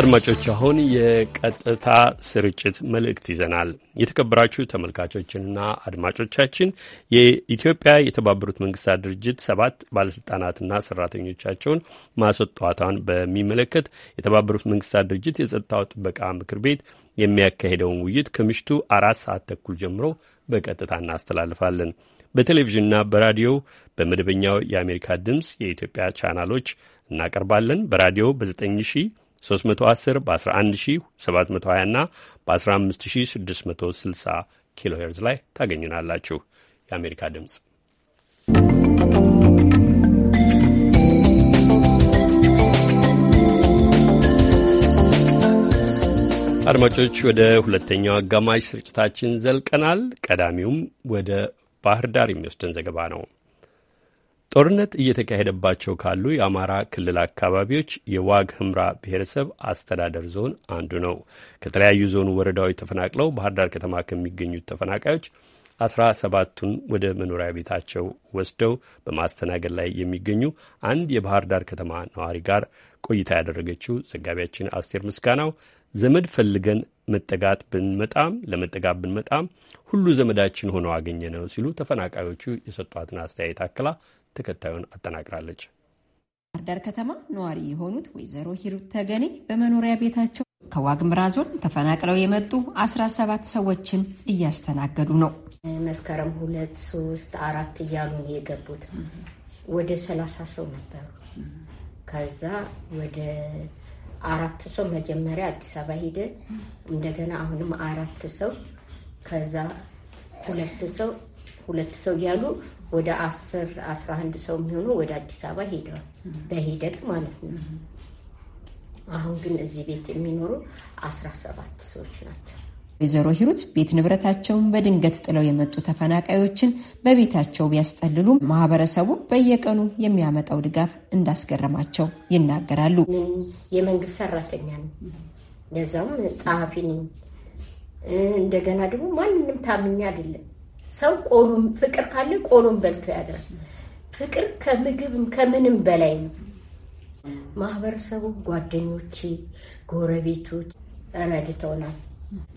አድማጮች አሁን የቀጥታ ስርጭት መልእክት ይዘናል። የተከበራችሁ ተመልካቾችንና አድማጮቻችን የኢትዮጵያ የተባበሩት መንግስታት ድርጅት ሰባት ባለስልጣናትና ሰራተኞቻቸውን ማስወጣቷን በሚመለከት የተባበሩት መንግስታት ድርጅት የጸጥታው ጥበቃ ምክር ቤት የሚያካሄደውን ውይይት ከምሽቱ አራት ሰዓት ተኩል ጀምሮ በቀጥታ እናስተላልፋለን። በቴሌቪዥንና በራዲዮ በመደበኛው የአሜሪካ ድምፅ የኢትዮጵያ ቻናሎች እናቀርባለን። በራዲዮ በ9 310 በ11720 እና በ15660 ኪሎ ሄርዝ ላይ ታገኙናላችሁ። የአሜሪካ ድምፅ አድማጮች፣ ወደ ሁለተኛው አጋማሽ ስርጭታችን ዘልቀናል። ቀዳሚውም ወደ ባህር ዳር የሚወስደን ዘገባ ነው። ጦርነት እየተካሄደባቸው ካሉ የአማራ ክልል አካባቢዎች የዋግ ህምራ ብሔረሰብ አስተዳደር ዞን አንዱ ነው። ከተለያዩ ዞኑ ወረዳዎች ተፈናቅለው ባህር ዳር ከተማ ከሚገኙት ተፈናቃዮች አስራ ሰባቱን ወደ መኖሪያ ቤታቸው ወስደው በማስተናገድ ላይ የሚገኙ አንድ የባህር ዳር ከተማ ነዋሪ ጋር ቆይታ ያደረገችው ዘጋቢያችን አስቴር ምስጋናው ዘመድ ፈልገን መጠጋት ብንመጣም ለመጠጋት ብንመጣም ሁሉ ዘመዳችን ሆነው አገኘ ነው ሲሉ ተፈናቃዮቹ የሰጧትን አስተያየት አክላ ተከታዩን አጠናቅራለች። ባህር ዳር ከተማ ነዋሪ የሆኑት ወይዘሮ ሂሩት ተገኔ በመኖሪያ ቤታቸው ከዋግምራ ዞን ተፈናቅለው የመጡ አስራ ሰባት ሰዎችን እያስተናገዱ ነው። መስከረም ሁለት ሶስት አራት እያሉ ነው የገቡት። ወደ ሰላሳ ሰው ነበሩ። ከዛ ወደ አራት ሰው መጀመሪያ አዲስ አበባ ሄደን እንደገና አሁንም አራት ሰው ከዛ ሁለት ሰው ሁለት ሰው እያሉ ወደ አስር አስራ አንድ ሰው የሚሆኑ ወደ አዲስ አበባ ሄደዋል በሂደት ማለት ነው። አሁን ግን እዚህ ቤት የሚኖሩ አስራ ሰባት ሰዎች ናቸው። ወይዘሮ ሂሩት ቤት ንብረታቸውን በድንገት ጥለው የመጡ ተፈናቃዮችን በቤታቸው ቢያስጠልሉ ማህበረሰቡ በየቀኑ የሚያመጣው ድጋፍ እንዳስገረማቸው ይናገራሉ። የመንግስት ሰራተኛ ነው፣ ለዛውም ጸሐፊ ነኝ። እንደገና ደግሞ ማንንም ታምኛ አይደለም ሰው ቆሎም ፍቅር ካለ ቆሎም በልቶ ያድራል። ፍቅር ከምግብም ከምንም በላይ ነው። ማህበረሰቡ፣ ጓደኞቼ፣ ጎረቤቶች ረድተውናል።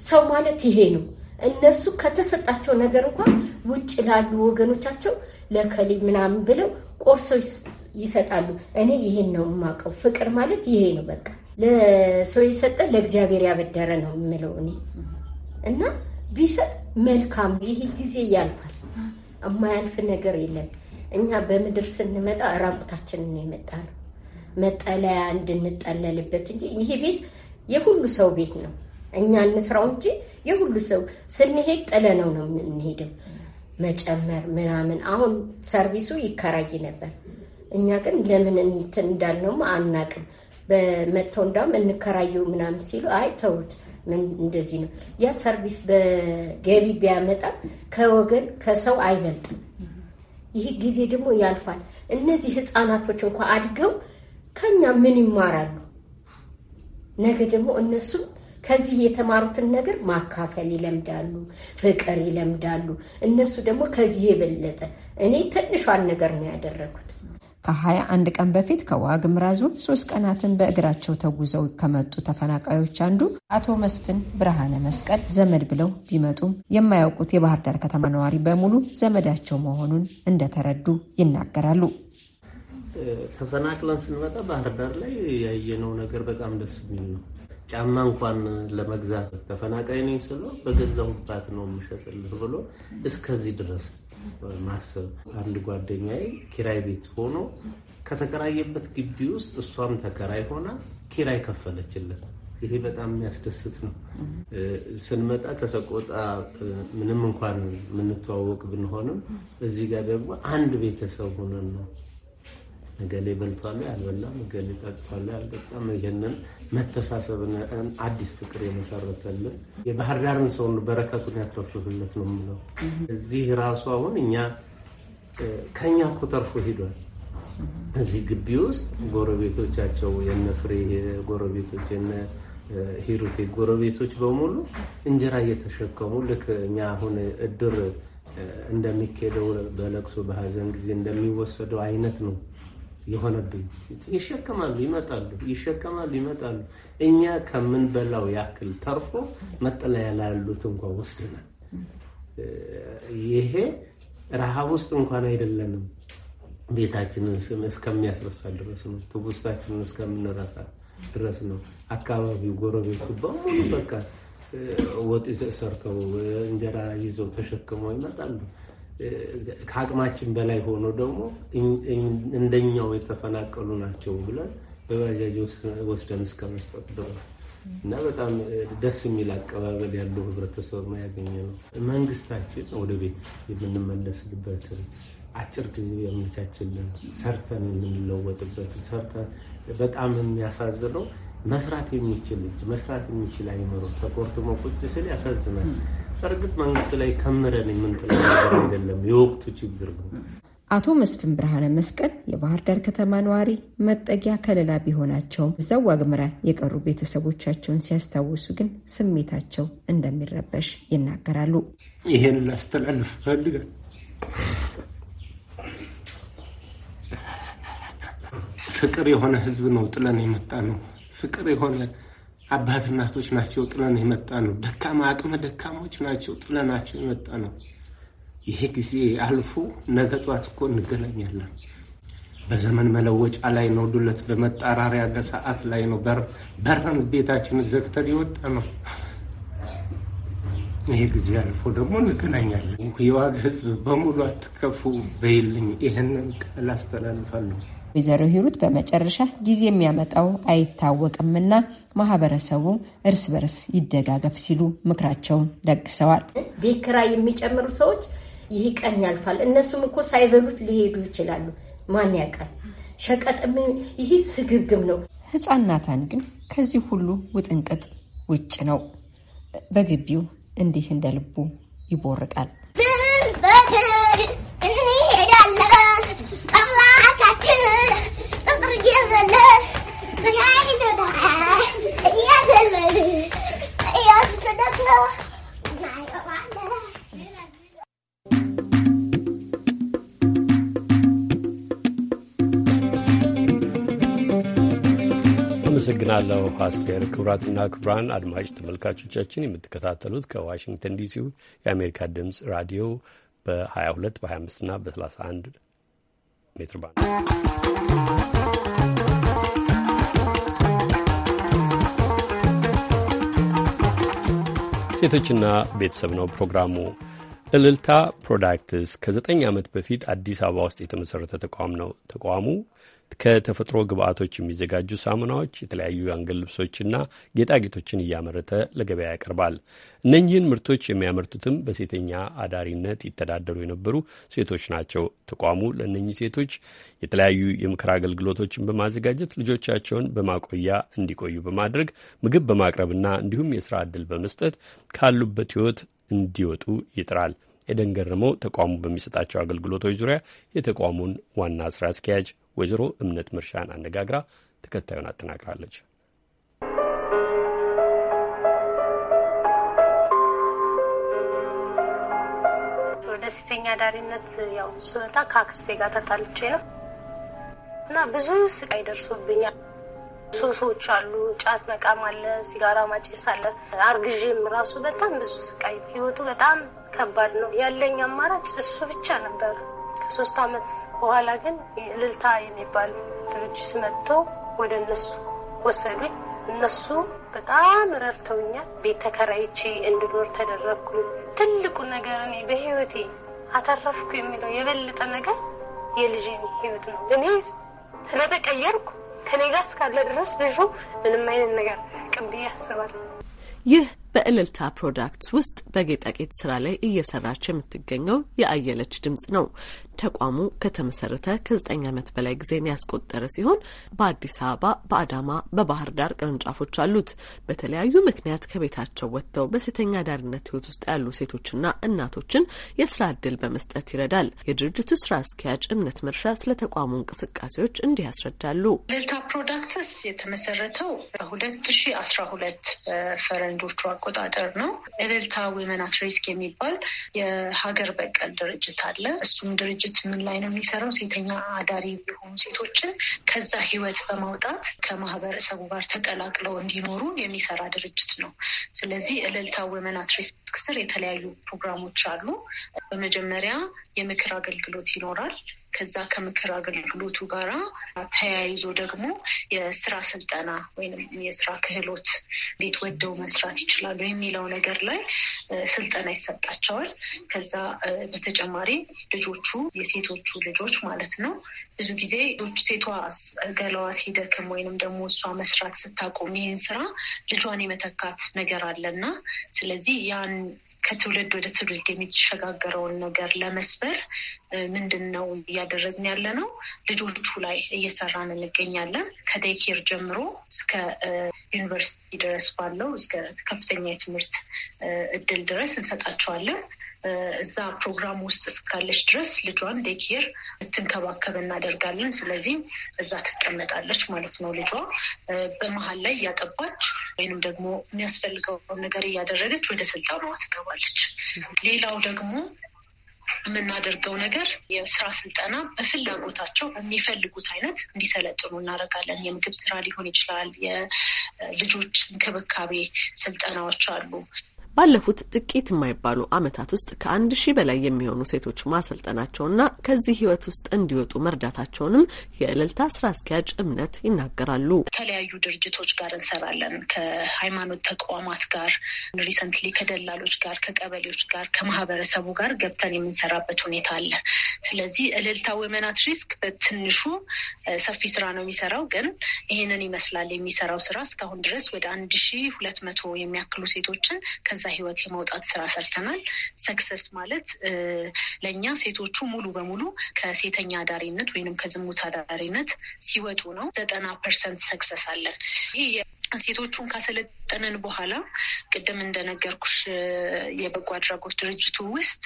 ሰው ማለት ይሄ ነው። እነሱ ከተሰጣቸው ነገር እንኳን ውጭ ላሉ ወገኖቻቸው ለከሌ ምናምን ብለው ቆርሰው ይሰጣሉ። እኔ ይሄን ነው የማውቀው። ፍቅር ማለት ይሄ ነው። በቃ ለሰው የሰጠ ለእግዚአብሔር ያበደረ ነው የምለው እኔ እና ቢሰጥ መልካም ይሄ ጊዜ ያልፋል። የማያልፍ ነገር የለም። እኛ በምድር ስንመጣ ራቁታችንን የመጣ ነው መጠለያ እንድንጠለልበት እንጂ ይሄ ቤት የሁሉ ሰው ቤት ነው። እኛ እንስራው እንጂ የሁሉ ሰው ስንሄድ ጥለነው ነው የምንሄደው። መጨመር ምናምን አሁን ሰርቪሱ ይከራይ ነበር። እኛ ግን ለምን እንትን እንዳልነውም አናቅም። በመጥተው እንዳውም እንከራየው ምናምን ሲሉ አይ ተውት እንደዚህ ነው። ያ ሰርቪስ በገቢ ቢያመጣ ከወገን ከሰው አይበልጥም። ይህ ጊዜ ደግሞ ያልፋል። እነዚህ ህፃናቶች እንኳ አድገው ከኛ ምን ይማራሉ? ነገ ደግሞ እነሱም ከዚህ የተማሩትን ነገር ማካፈል ይለምዳሉ፣ ፍቅር ይለምዳሉ። እነሱ ደግሞ ከዚህ የበለጠ እኔ ትንሿን ነገር ነው ያደረጉት ከ21 ቀን በፊት ከዋግምራ ዞን ሶስት ቀናትን በእግራቸው ተጉዘው ከመጡ ተፈናቃዮች አንዱ አቶ መስፍን ብርሃነ መስቀል ዘመድ ብለው ቢመጡም የማያውቁት የባህር ዳር ከተማ ነዋሪ በሙሉ ዘመዳቸው መሆኑን እንደተረዱ ይናገራሉ። ተፈናቅለን ስንመጣ ባህር ዳር ላይ ያየነው ነገር በጣም ደስ የሚል ነው። ጫማ እንኳን ለመግዛት ተፈናቃይ ነኝ ስለው በገዛሁባት ነው የምሸጥልህ ብሎ እስከዚህ ድረስ ማሰብ አንድ ጓደኛዬ ኪራይ ቤት ሆኖ ከተከራየበት ግቢ ውስጥ እሷም ተከራይ ሆና ኪራይ ከፈለችለት። ይሄ በጣም የሚያስደስት ነው። ስንመጣ ከሰቆጣ ምንም እንኳን የምንተዋወቅ ብንሆንም እዚህ ጋር ደግሞ አንድ ቤተሰብ ሆነን ነው እገሌ በልቷል ያልበላም፣ እገሌ ጠጥቷል ያልጠጣም፣ ይህንን መተሳሰብን አዲስ ፍቅር የመሰረተልን የባህር ዳርን ሰውን በረከቱን ያትረፍርፍለት ነው የምለው። እዚህ ራሱ አሁን እኛ ከኛ እኮ ተርፎ ሂዷል። እዚህ ግቢ ውስጥ ጎረቤቶቻቸው የነ ፍሬ ጎረቤቶች የነ ሂሩቴ ጎረቤቶች በሙሉ እንጀራ እየተሸከሙ ልክ እኛ አሁን እድር እንደሚካሄደው በለቅሶ በሀዘን ጊዜ እንደሚወሰደው አይነት ነው የሆነብኝ ይሸከማሉ፣ ይመጣሉ፣ ይሸከማሉ፣ ይመጣሉ። እኛ ከምንበላው ያክል ተርፎ መጠለያ ላሉት እንኳ ወስደናል። ይሄ ረሃብ ውስጥ እንኳን አይደለንም። ቤታችንን እስከሚያስረሳ ድረስ ነው። ትውስታችንን እስከምንረሳ ድረስ ነው። አካባቢው፣ ጎረቤቱ በሙሉ በቃ ወጥ ሰርተው እንጀራ ይዘው ተሸክመው ይመጣሉ። ከአቅማችን በላይ ሆኖ ደግሞ እንደኛው የተፈናቀሉ ናቸው ብለን በባጃጅ ወስደን እስከ መስጠት ደርሰናል እና በጣም ደስ የሚል አቀባበል ያለው ህብረተሰብ ነው ያገኘ ነው። መንግስታችን ወደ ቤት የምንመለስበትን አጭር ጊዜ ያመቻችልን፣ ሰርተን የምንለወጥበትን ሰርተን በጣም የሚያሳዝነው መስራት የሚችል እጅ መስራት የሚችል አይምሮ ተቆርጥሞ ቁጭ ስል ያሳዝናል። እርግጥ መንግስት ላይ ከምረን የምንጥለው ነገር አይደለም፣ የወቅቱ ችግር ነው። አቶ መስፍን ብርሃነ መስቀል የባህር ዳር ከተማ ነዋሪ መጠጊያ ከለላ ቢሆናቸውም እዛው ዋግምራ የቀሩ ቤተሰቦቻቸውን ሲያስታውሱ ግን ስሜታቸው እንደሚረበሽ ይናገራሉ። ይሄን ላስተላልፍ ፈልጋል ፍቅር የሆነ ህዝብ ነው ጥለን የመጣ ነው። ፍቅር የሆነ አባት እናቶች ናቸው ጥለን የመጣ ነው። ደካማ አቅመ ደካሞች ናቸው ጥለናቸው የመጣ ነው። ይሄ ጊዜ አልፎ ነገ ጧት እኮ እንገናኛለን። በዘመን መለወጫ ላይ ነው፣ ዱለት በመጠራሪያ ሰዓት ላይ ነው። በረን ቤታችን ዘግተን የወጣ ነው። ይሄ ጊዜ አልፎ ደግሞ እንገናኛለን። የዋግ ህዝብ በሙሉ አትከፉ በይልኝ። ይህንን ቃል አስተላልፋለሁ። ወይዘሮ ሂሩት በመጨረሻ ጊዜ የሚያመጣው አይታወቅምና ማህበረሰቡ እርስ በርስ ይደጋገፍ ሲሉ ምክራቸውን ለግሰዋል። ቤት ኪራይ የሚጨምሩ ሰዎች ይህ ቀን ያልፋል፣ እነሱም እኮ ሳይበሉት ሊሄዱ ይችላሉ። ማን ያውቃል? ሸቀጥም ይህ ስግብግብ ነው። ህፃናታን ግን ከዚህ ሁሉ ውጥንቅጥ ውጭ ነው። በግቢው እንዲህ እንደ ልቡ ይቦርቃል። ማለት አመሰግናለሁ አስቴር። ክቡራትና ክቡራን አድማጭ ተመልካቾቻችን የምትከታተሉት ከዋሽንግተን ዲሲው የአሜሪካ ድምፅ ራዲዮ በ22 በ25ና በ31 ሜትር ባንድ ሴቶችና ቤተሰብ ነው ፕሮግራሙ። እልልታ ፕሮዳክትስ ከዘጠኝ ዓመት በፊት አዲስ አበባ ውስጥ የተመሠረተ ተቋም ነው። ተቋሙ ከተፈጥሮ ግብአቶች የሚዘጋጁ ሳሙናዎች፣ የተለያዩ የአንገል ልብሶችና ጌጣጌጦችን እያመረተ ለገበያ ያቀርባል። እነኚህን ምርቶች የሚያመርቱትም በሴተኛ አዳሪነት ይተዳደሩ የነበሩ ሴቶች ናቸው። ተቋሙ ለእነኚህ ሴቶች የተለያዩ የምክር አገልግሎቶችን በማዘጋጀት ልጆቻቸውን በማቆያ እንዲቆዩ በማድረግ ምግብ በማቅረብና እንዲሁም የስራ ዕድል በመስጠት ካሉበት ሕይወት እንዲወጡ ይጥራል። ኤደን ገረመው ተቋሙ በሚሰጣቸው አገልግሎቶች ዙሪያ የተቋሙን ዋና ስራ አስኪያጅ ወይዘሮ እምነት ምርሻን አነጋግራ ተከታዩን አጠናቅራለች። ደስተኛ ዳሪነት ያው ስመጣ ከአክስቴ ጋር ተጣልቼ ነው እና ብዙ ስቃይ ደርሶብኛል። ሱሶች አሉ፣ ጫት መቃም አለ፣ ሲጋራ ማጨስ አለ። አርግዥም ራሱ በጣም ብዙ ስቃይ፣ ህይወቱ በጣም ከባድ ነው። ያለኝ አማራጭ እሱ ብቻ ነበር። ከሶስት አመት በኋላ ግን እልልታ የሚባል ድርጅት መጥቶ ወደ እነሱ ወሰዱኝ። እነሱ በጣም ረድተውኛል። ቤት ተከራይቼ እንድኖር ተደረግኩ። ትልቁ ነገር እኔ በህይወቴ አተረፍኩ የሚለው የበለጠ ነገር የልጅ ህይወት ነው። እኔ ስለተቀየርኩ ከኔ ጋር እስካለ ድረስ ልጁ ምንም አይነት ነገር ቅም ብዬ አስባለሁ። ይህ በእልልታ ፕሮዳክት ውስጥ በጌጣጌጥ ስራ ላይ እየሰራች የምትገኘው የአየለች ድምጽ ነው። ተቋሙ ከተመሰረተ ከዘጠኝ ዓመት በላይ ጊዜን ያስቆጠረ ሲሆን በአዲስ አበባ፣ በአዳማ፣ በባህር ዳር ቅርንጫፎች አሉት። በተለያዩ ምክንያት ከቤታቸው ወጥተው በሴተኛ አዳሪነት ህይወት ውስጥ ያሉ ሴቶችና እናቶችን የስራ እድል በመስጠት ይረዳል። የድርጅቱ ስራ አስኪያጅ እምነት መርሻ ስለ ተቋሙ እንቅስቃሴዎች እንዲህ ያስረዳሉ። ዴልታ ፕሮዳክትስ የተመሰረተው በሁለት ሺ አስራ ሁለት ፈረንጆቹ አቆጣጠር ነው። ዴልታ ዊመን አት ሪስክ የሚባል የሀገር በቀል ድርጅት አለ። እሱም ድርጅት ድርጅት ምን ላይ ነው የሚሰራው? ሴተኛ አዳሪ የሆኑ ሴቶችን ከዛ ህይወት በማውጣት ከማህበረሰቡ ጋር ተቀላቅለው እንዲኖሩ የሚሰራ ድርጅት ነው። ስለዚህ እልልታ ወመን አት ሪስክ ስር የተለያዩ ፕሮግራሞች አሉ። በመጀመሪያ የምክር አገልግሎት ይኖራል። ከዛ ከምክር አገልግሎቱ ጋር ተያይዞ ደግሞ የስራ ስልጠና ወይም የስራ ክህሎት እንዴት ወደው መስራት ይችላሉ የሚለው ነገር ላይ ስልጠና ይሰጣቸዋል። ከዛ በተጨማሪ ልጆቹ የሴቶቹ ልጆች ማለት ነው ብዙ ጊዜ ሴቷ ገላዋ ሲደክም ወይንም ደግሞ እሷ መስራት ስታቆም ይህን ስራ ልጇን የመተካት ነገር አለና ስለዚህ ያን ከትውልድ ወደ ትውልድ የሚሸጋገረውን ነገር ለመስበር ምንድን ነው እያደረግን ያለ ነው? ልጆቹ ላይ እየሰራን እንገኛለን። ከዴይኬር ጀምሮ እስከ ዩኒቨርሲቲ ድረስ ባለው እስከ ከፍተኛ የትምህርት እድል ድረስ እንሰጣቸዋለን። እዛ ፕሮግራም ውስጥ እስካለች ድረስ ልጇን ዴኬር ትንከባከብ እናደርጋለን። ስለዚህ እዛ ትቀመጣለች ማለት ነው። ልጇ በመሀል ላይ እያጠባች ወይንም ደግሞ የሚያስፈልገውን ነገር እያደረገች ወደ ስልጠናዋ ትገባለች። ሌላው ደግሞ የምናደርገው ነገር የስራ ስልጠና በፍላጎታቸው በሚፈልጉት አይነት እንዲሰለጥኑ እናደርጋለን። የምግብ ስራ ሊሆን ይችላል። የልጆች እንክብካቤ ስልጠናዎች አሉ። ባለፉት ጥቂት የማይባሉ ዓመታት ውስጥ ከአንድ ሺህ በላይ የሚሆኑ ሴቶች ማሰልጠናቸውና ከዚህ ህይወት ውስጥ እንዲወጡ መርዳታቸውንም የእልልታ ስራ አስኪያጅ እምነት ይናገራሉ። ከተለያዩ ድርጅቶች ጋር እንሰራለን። ከሃይማኖት ተቋማት ጋር፣ ሪሰንትሊ ከደላሎች ጋር፣ ከቀበሌዎች ጋር፣ ከማህበረሰቡ ጋር ገብተን የምንሰራበት ሁኔታ አለ። ስለዚህ እልልታ ወመናት ሪስክ በትንሹ ሰፊ ስራ ነው የሚሰራው። ግን ይህንን ይመስላል የሚሰራው ስራ እስካሁን ድረስ ወደ አንድ ሺህ ሁለት መቶ የሚያክሉ ሴቶችን ከዛ ህይወት የማውጣት ስራ ሰርተናል። ሰክሰስ ማለት ለእኛ ሴቶቹ ሙሉ በሙሉ ከሴተኛ አዳሪነት ወይም ከዝሙት አዳሪነት ሲወጡ ነው። ዘጠና ፐርሰንት ሰክሰስ አለን። ይህ ሴቶቹን ካሰለጠንን በኋላ ቅድም እንደነገርኩሽ የበጎ አድራጎት ድርጅቱ ውስጥ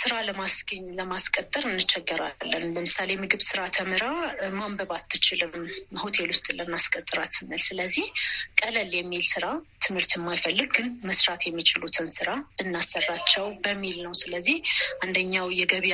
ስራ ለማስገኝ ለማስቀጠር እንቸገራለን። ለምሳሌ ምግብ ስራ ተምራ ማንበብ አትችልም፣ ሆቴል ውስጥ ልናስቀጥራት ስንል። ስለዚህ ቀለል የሚል ስራ ትምህርት የማይፈልግ ግን መስራት የሚችሉትን ስራ ብናሰራቸው በሚል ነው። ስለዚህ አንደኛው የገቢ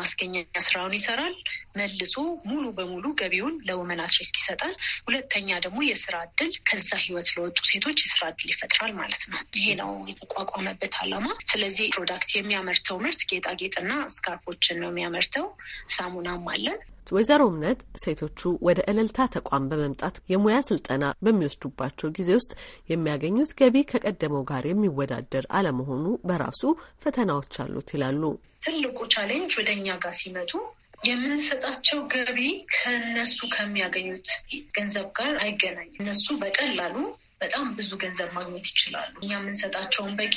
ማስገኛ ስራውን ይሰራል፣ መልሶ ሙሉ በሙሉ ገቢውን ለውመናት ሪስክ ይሰጣል። ሁለተኛ ደግሞ የስራ እድል ከዛ ህይወት ለወጡ ሴቶች የስራ እድል ይፈጥራል ማለት ነው። ይሄ ነው የተቋቋመበት አላማ። ስለዚህ ፕሮዳክት የሚያመርተው ምርት ጌጣጌጥና ስካርፎችን ነው የሚያመርተው። ሳሙናም አለን። ወይዘሮ እምነት ሴቶቹ ወደ እልልታ ተቋም በመምጣት የሙያ ስልጠና በሚወስዱባቸው ጊዜ ውስጥ የሚያገኙት ገቢ ከቀደመው ጋር የሚወዳደር አለመሆኑ በራሱ ፈተናዎች አሉት ይላሉ። ትልቁ ቻሌንጅ ወደ እኛ ጋር ሲመጡ የምንሰጣቸው ገቢ ከነሱ ከሚያገኙት ገንዘብ ጋር አይገናኝም። እነሱ በቀላሉ በጣም ብዙ ገንዘብ ማግኘት ይችላሉ። እኛ የምንሰጣቸውን በቂ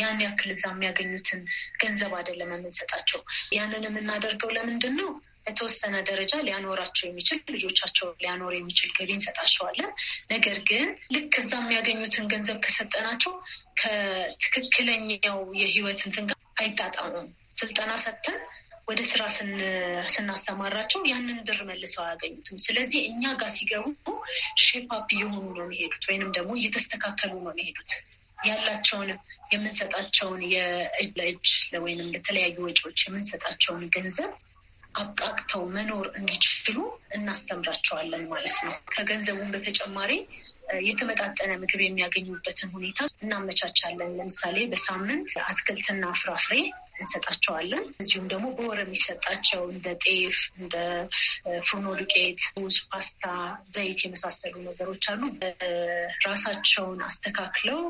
ያን ያክል እዛ የሚያገኙትን ገንዘብ አይደለም የምንሰጣቸው። ያንን የምናደርገው ለምንድን ነው? የተወሰነ ደረጃ ሊያኖራቸው የሚችል ልጆቻቸው ሊያኖር የሚችል ገቢ እንሰጣቸዋለን። ነገር ግን ልክ እዛ የሚያገኙትን ገንዘብ ከሰጠናቸው ከትክክለኛው የህይወት እንትን ጋር አይጣጣሙም። ስልጠና ሰጥተን ወደ ስራ ስናሰማራቸው ያንን ብር መልሰው አያገኙትም። ስለዚህ እኛ ጋር ሲገቡ ሼፓፕ እየሆኑ ነው የሚሄዱት ወይንም ደግሞ እየተስተካከሉ ነው የሚሄዱት ያላቸውን የምንሰጣቸውን የእጅ ወይንም ለተለያዩ ወጪዎች የምንሰጣቸውን ገንዘብ አብቃቅተው መኖር እንዲችሉ እናስተምራቸዋለን ማለት ነው። ከገንዘቡን በተጨማሪ የተመጣጠነ ምግብ የሚያገኙበትን ሁኔታ እናመቻቻለን። ለምሳሌ በሳምንት አትክልትና ፍራፍሬ እንሰጣቸዋለን። እዚሁም ደግሞ በወር የሚሰጣቸው እንደ ጤፍ፣ እንደ ፍርኖ ዱቄት፣ ውስ ፓስታ፣ ዘይት የመሳሰሉ ነገሮች አሉ። ራሳቸውን አስተካክለው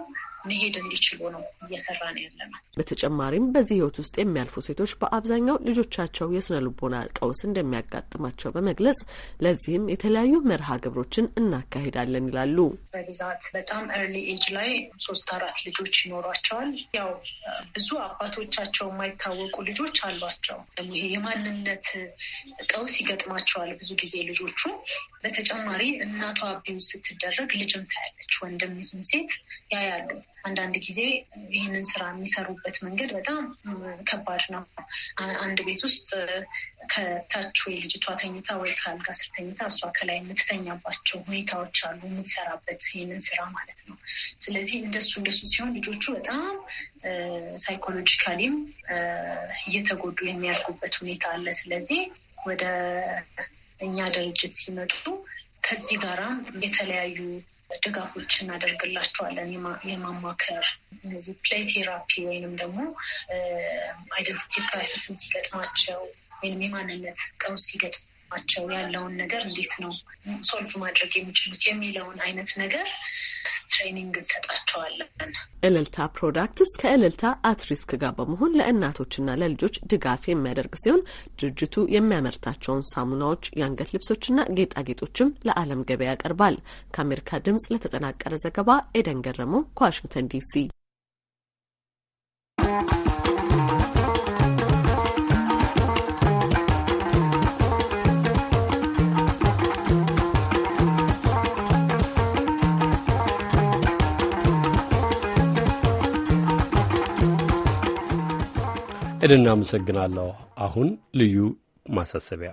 መሄድ እንዲችሉ ነው እየሰራ ነው ያለ ነው። በተጨማሪም በዚህ ህይወት ውስጥ የሚያልፉ ሴቶች በአብዛኛው ልጆቻቸው የስነ ልቦና ቀውስ እንደሚያጋጥማቸው በመግለጽ ለዚህም የተለያዩ መርሃ ግብሮችን እናካሄዳለን ይላሉ። በብዛት በጣም ኤርሊ ኤጅ ላይ ሶስት አራት ልጆች ይኖሯቸዋል። ያው ብዙ አባቶቻቸው የማይታወቁ ልጆች አሏቸው። ደግሞ ይሄ የማንነት ቀውስ ይገጥማቸዋል ብዙ ጊዜ ልጆቹ። በተጨማሪ እናቷ አቢው ስትደረግ ልጅም ታያለች፣ ወንድም ይሁን ሴት ያያሉ። አንዳንድ ጊዜ ይህንን ስራ የሚሰሩበት መንገድ በጣም ከባድ ነው። አንድ ቤት ውስጥ ከታች ወይ ልጅቷ ተኝታ ወይ ከአልጋ ስር ተኝታ እሷ ከላይ የምትተኛባቸው ሁኔታዎች አሉ፣ የምትሰራበት ይህንን ስራ ማለት ነው። ስለዚህ እንደሱ እንደሱ ሲሆን ልጆቹ በጣም ሳይኮሎጂካሊም እየተጎዱ የሚያድጉበት ሁኔታ አለ። ስለዚህ ወደ እኛ ድርጅት ሲመጡ ከዚህ ጋራም የተለያዩ ድጋፎች እናደርግላቸዋለን። የማማከር እነዚህ ፕሌይ ቴራፒ ወይንም ደግሞ አይደንቲቲ ክራይሲስን ሲገጥማቸው ወይም የማንነት ቀውስ ሲገጥም ናቸው ያለውን ነገር እንዴት ነው ሶልቭ ማድረግ የሚችሉት የሚለውን አይነት ነገር ትሬኒንግ እንሰጣቸዋለን። እልልታ ፕሮዳክትስ ከእልልታ አትሪስክ ጋር በመሆን ለእናቶችና ለልጆች ድጋፍ የሚያደርግ ሲሆን ድርጅቱ የሚያመርታቸውን ሳሙናዎች፣ የአንገት ልብሶችና ጌጣጌጦችም ለዓለም ገበያ ያቀርባል። ከአሜሪካ ድምጽ ለተጠናቀረ ዘገባ ኤደን ገረመው ከዋሽንግተን ዲሲ እድና አመሰግናለሁ። አሁን ልዩ ማሳሰቢያ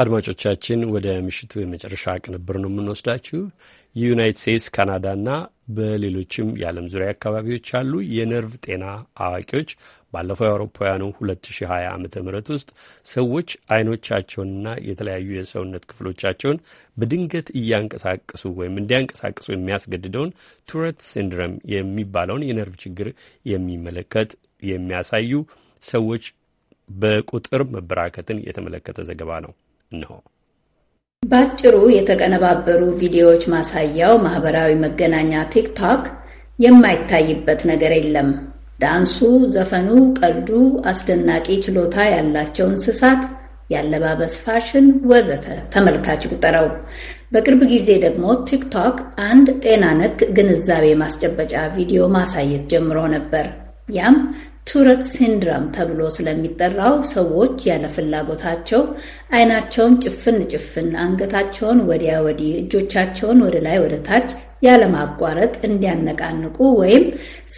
አድማጮቻችን ወደ ምሽቱ የመጨረሻ ቅንብር ነው የምንወስዳችሁ። የዩናይት ስቴትስ ካናዳና በሌሎችም የዓለም ዙሪያ አካባቢዎች ያሉ የነርቭ ጤና አዋቂዎች ባለፈው የአውሮፓውያኑ 2020 ዓ ም ውስጥ ሰዎች አይኖቻቸውንና የተለያዩ የሰውነት ክፍሎቻቸውን በድንገት እያንቀሳቀሱ ወይም እንዲያንቀሳቀሱ የሚያስገድደውን ቱረት ሲንድረም የሚባለውን የነርቭ ችግር የሚመለከት የሚያሳዩ ሰዎች በቁጥር መበራከትን የተመለከተ ዘገባ ነው። ነው። ባጭሩ የተቀነባበሩ ቪዲዮዎች ማሳያው ማህበራዊ መገናኛ ቲክቶክ የማይታይበት ነገር የለም። ዳንሱ፣ ዘፈኑ፣ ቀልዱ፣ አስደናቂ ችሎታ ያላቸው እንስሳት፣ ያለባበስ ፋሽን፣ ወዘተ ተመልካች ቁጠረው። በቅርብ ጊዜ ደግሞ ቲክቶክ አንድ ጤና ነክ ግንዛቤ ማስጨበጫ ቪዲዮ ማሳየት ጀምሮ ነበር። ያም ቱረት ሲንድረም ተብሎ ስለሚጠራው ሰዎች ያለ ፍላጎታቸው አይናቸውን ጭፍን ጭፍን፣ አንገታቸውን ወዲያ ወዲህ፣ እጆቻቸውን ወደ ላይ ወደ ታች ያለማቋረጥ እንዲያነቃንቁ ወይም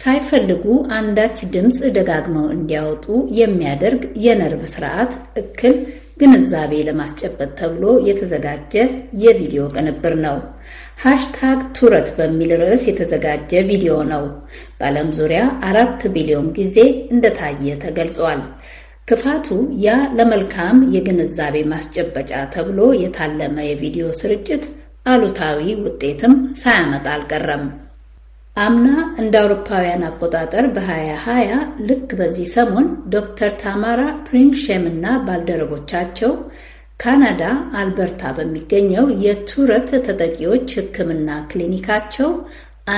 ሳይፈልጉ አንዳች ድምፅ ደጋግመው እንዲያወጡ የሚያደርግ የነርቭ ስርዓት እክል ግንዛቤ ለማስጨበጥ ተብሎ የተዘጋጀ የቪዲዮ ቅንብር ነው። ሃሽታግ ቱረት በሚል ርዕስ የተዘጋጀ ቪዲዮ ነው። በዓለም ዙሪያ አራት ቢሊዮን ጊዜ እንደታየ ተገልጿል። ክፋቱ ያ ለመልካም የግንዛቤ ማስጨበጫ ተብሎ የታለመ የቪዲዮ ስርጭት አሉታዊ ውጤትም ሳያመጣ አልቀረም። አምና እንደ አውሮፓውያን አቆጣጠር በ2020 ልክ በዚህ ሰሞን ዶክተር ታማራ ፕሪንግሼም እና ባልደረቦቻቸው ካናዳ አልበርታ በሚገኘው የቱረት ተጠቂዎች ሕክምና ክሊኒካቸው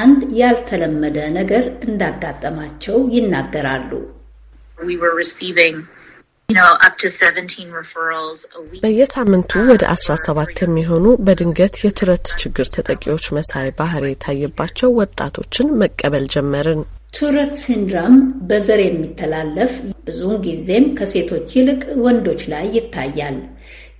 አንድ ያልተለመደ ነገር እንዳጋጠማቸው ይናገራሉ። በየሳምንቱ ወደ 17 የሚሆኑ በድንገት የቱረት ችግር ተጠቂዎች መሳይ ባህሪ የታየባቸው ወጣቶችን መቀበል ጀመርን። ቱረት ሲንድራም በዘር የሚተላለፍ ብዙውን ጊዜም ከሴቶች ይልቅ ወንዶች ላይ ይታያል።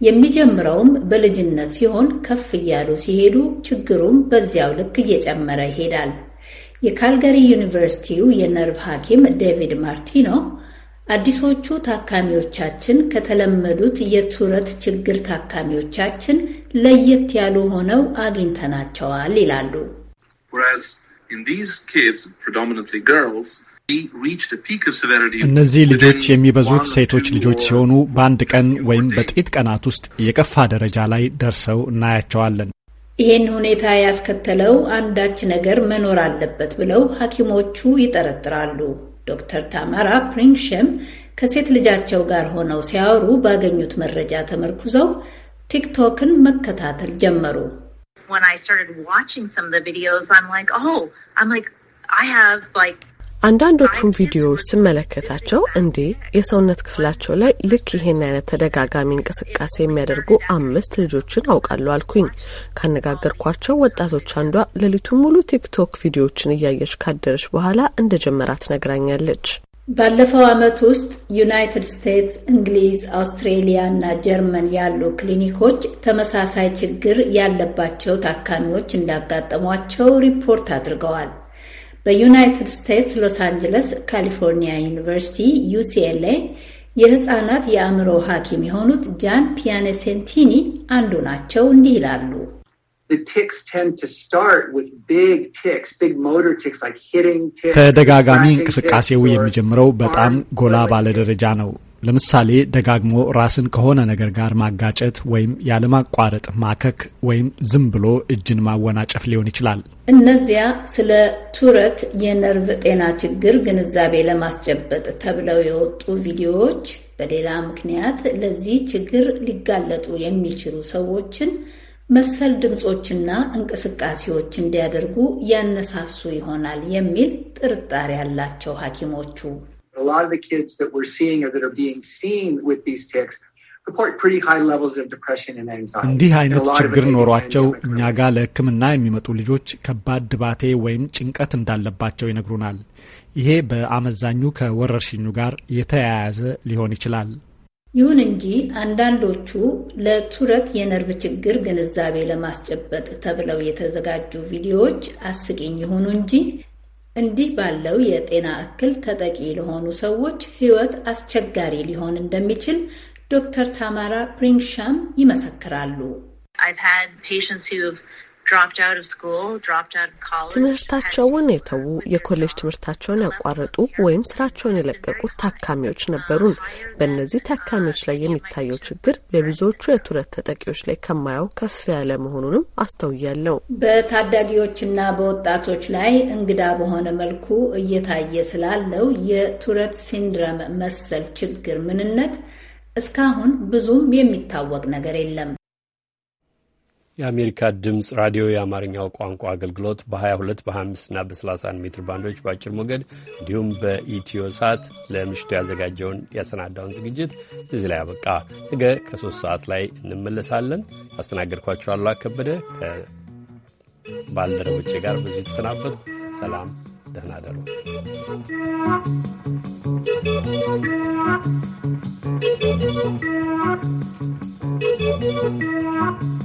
የሚጀምረውም በልጅነት ሲሆን ከፍ እያሉ ሲሄዱ ችግሩም በዚያው ልክ እየጨመረ ይሄዳል። የካልጋሪ ዩኒቨርሲቲው የነርቭ ሐኪም ዴቪድ ማርቲኖ አዲሶቹ ታካሚዎቻችን ከተለመዱት የቱረት ችግር ታካሚዎቻችን ለየት ያሉ ሆነው አግኝተናቸዋል ይላሉ። እነዚህ ልጆች የሚበዙት ሴቶች ልጆች ሲሆኑ በአንድ ቀን ወይም በጥቂት ቀናት ውስጥ የከፋ ደረጃ ላይ ደርሰው እናያቸዋለን። ይህን ሁኔታ ያስከተለው አንዳች ነገር መኖር አለበት ብለው ሐኪሞቹ ይጠረጥራሉ። ዶክተር ታማራ ፕሪንግሸም ከሴት ልጃቸው ጋር ሆነው ሲያወሩ ባገኙት መረጃ ተመርኩዘው ቲክቶክን መከታተል ጀመሩ። አንዳንዶቹን ቪዲዮዎች ስመለከታቸው እንዴ የሰውነት ክፍላቸው ላይ ልክ ይሄን አይነት ተደጋጋሚ እንቅስቃሴ የሚያደርጉ አምስት ልጆችን አውቃለሁ አልኩኝ። ካነጋገርኳቸው ወጣቶች አንዷ ሌሊቱ ሙሉ ቲክቶክ ቪዲዮዎችን እያየች ካደረች በኋላ እንደጀመራት ነግራኛለች። ባለፈው ዓመት ውስጥ ዩናይትድ ስቴትስ፣ እንግሊዝ፣ አውስትሬሊያ እና ጀርመን ያሉ ክሊኒኮች ተመሳሳይ ችግር ያለባቸው ታካሚዎች እንዳጋጠሟቸው ሪፖርት አድርገዋል። በዩናይትድ ስቴትስ ሎስ አንጀለስ ካሊፎርኒያ ዩኒቨርሲቲ ዩሲኤልኤ የህፃናት የአእምሮ ሐኪም የሆኑት ጃን ፒያኔሴንቲኒ አንዱ ናቸው። እንዲህ ይላሉ። ከደጋጋሚ እንቅስቃሴው የሚጀምረው በጣም ጎላ ባለ ደረጃ ነው። ለምሳሌ ደጋግሞ ራስን ከሆነ ነገር ጋር ማጋጨት ወይም ያለማቋረጥ ማከክ ወይም ዝም ብሎ እጅን ማወናጨፍ ሊሆን ይችላል። እነዚያ ስለ ቱረት የነርቭ ጤና ችግር ግንዛቤ ለማስጨበጥ ተብለው የወጡ ቪዲዮዎች በሌላ ምክንያት ለዚህ ችግር ሊጋለጡ የሚችሉ ሰዎችን መሰል ድምፆችና እንቅስቃሴዎች እንዲያደርጉ ያነሳሱ ይሆናል የሚል ጥርጣሬ ያላቸው ሐኪሞቹ A lot of the kids that we're seeing or that are being seen with these ticks እንዲህ አይነት ችግር ኖሯቸው እኛ ጋር ለሕክምና የሚመጡ ልጆች ከባድ ድባቴ ወይም ጭንቀት እንዳለባቸው ይነግሩናል። ይሄ በአመዛኙ ከወረርሽኙ ጋር የተያያዘ ሊሆን ይችላል። ይሁን እንጂ አንዳንዶቹ ለቱረት የነርቭ ችግር ግንዛቤ ለማስጨበጥ ተብለው የተዘጋጁ ቪዲዮዎች አስቂኝ የሆኑ እንጂ እንዲህ ባለው የጤና እክል ተጠቂ ለሆኑ ሰዎች ሕይወት አስቸጋሪ ሊሆን እንደሚችል ዶክተር ታማራ ፕሪንግሻም ይመሰክራሉ። ትምህርታቸውን የተዉ የኮሌጅ ትምህርታቸውን ያቋረጡ ወይም ስራቸውን የለቀቁት ታካሚዎች ነበሩን። በእነዚህ ታካሚዎች ላይ የሚታየው ችግር በብዙዎቹ የቱረት ተጠቂዎች ላይ ከማየው ከፍ ያለ መሆኑንም አስተውያለው በታዳጊዎችና በወጣቶች ላይ እንግዳ በሆነ መልኩ እየታየ ስላለው የቱረት ሲንድረም መሰል ችግር ምንነት እስካሁን ብዙም የሚታወቅ ነገር የለም። የአሜሪካ ድምፅ ራዲዮ የአማርኛው ቋንቋ አገልግሎት በ22 በ25 እና በ31 ሜትር ባንዶች በአጭር ሞገድ እንዲሁም በኢትዮ ሳት ለምሽቱ ያዘጋጀውን ያሰናዳውን ዝግጅት እዚህ ላይ አበቃ። ነገ ከሶስት ሰዓት ላይ እንመለሳለን። አስተናገድኳቸው አሉ ከበደ ከባልደረቦቼ ጋር ብዙ የተሰናበት ሰላም፣ ደህና ደሩ።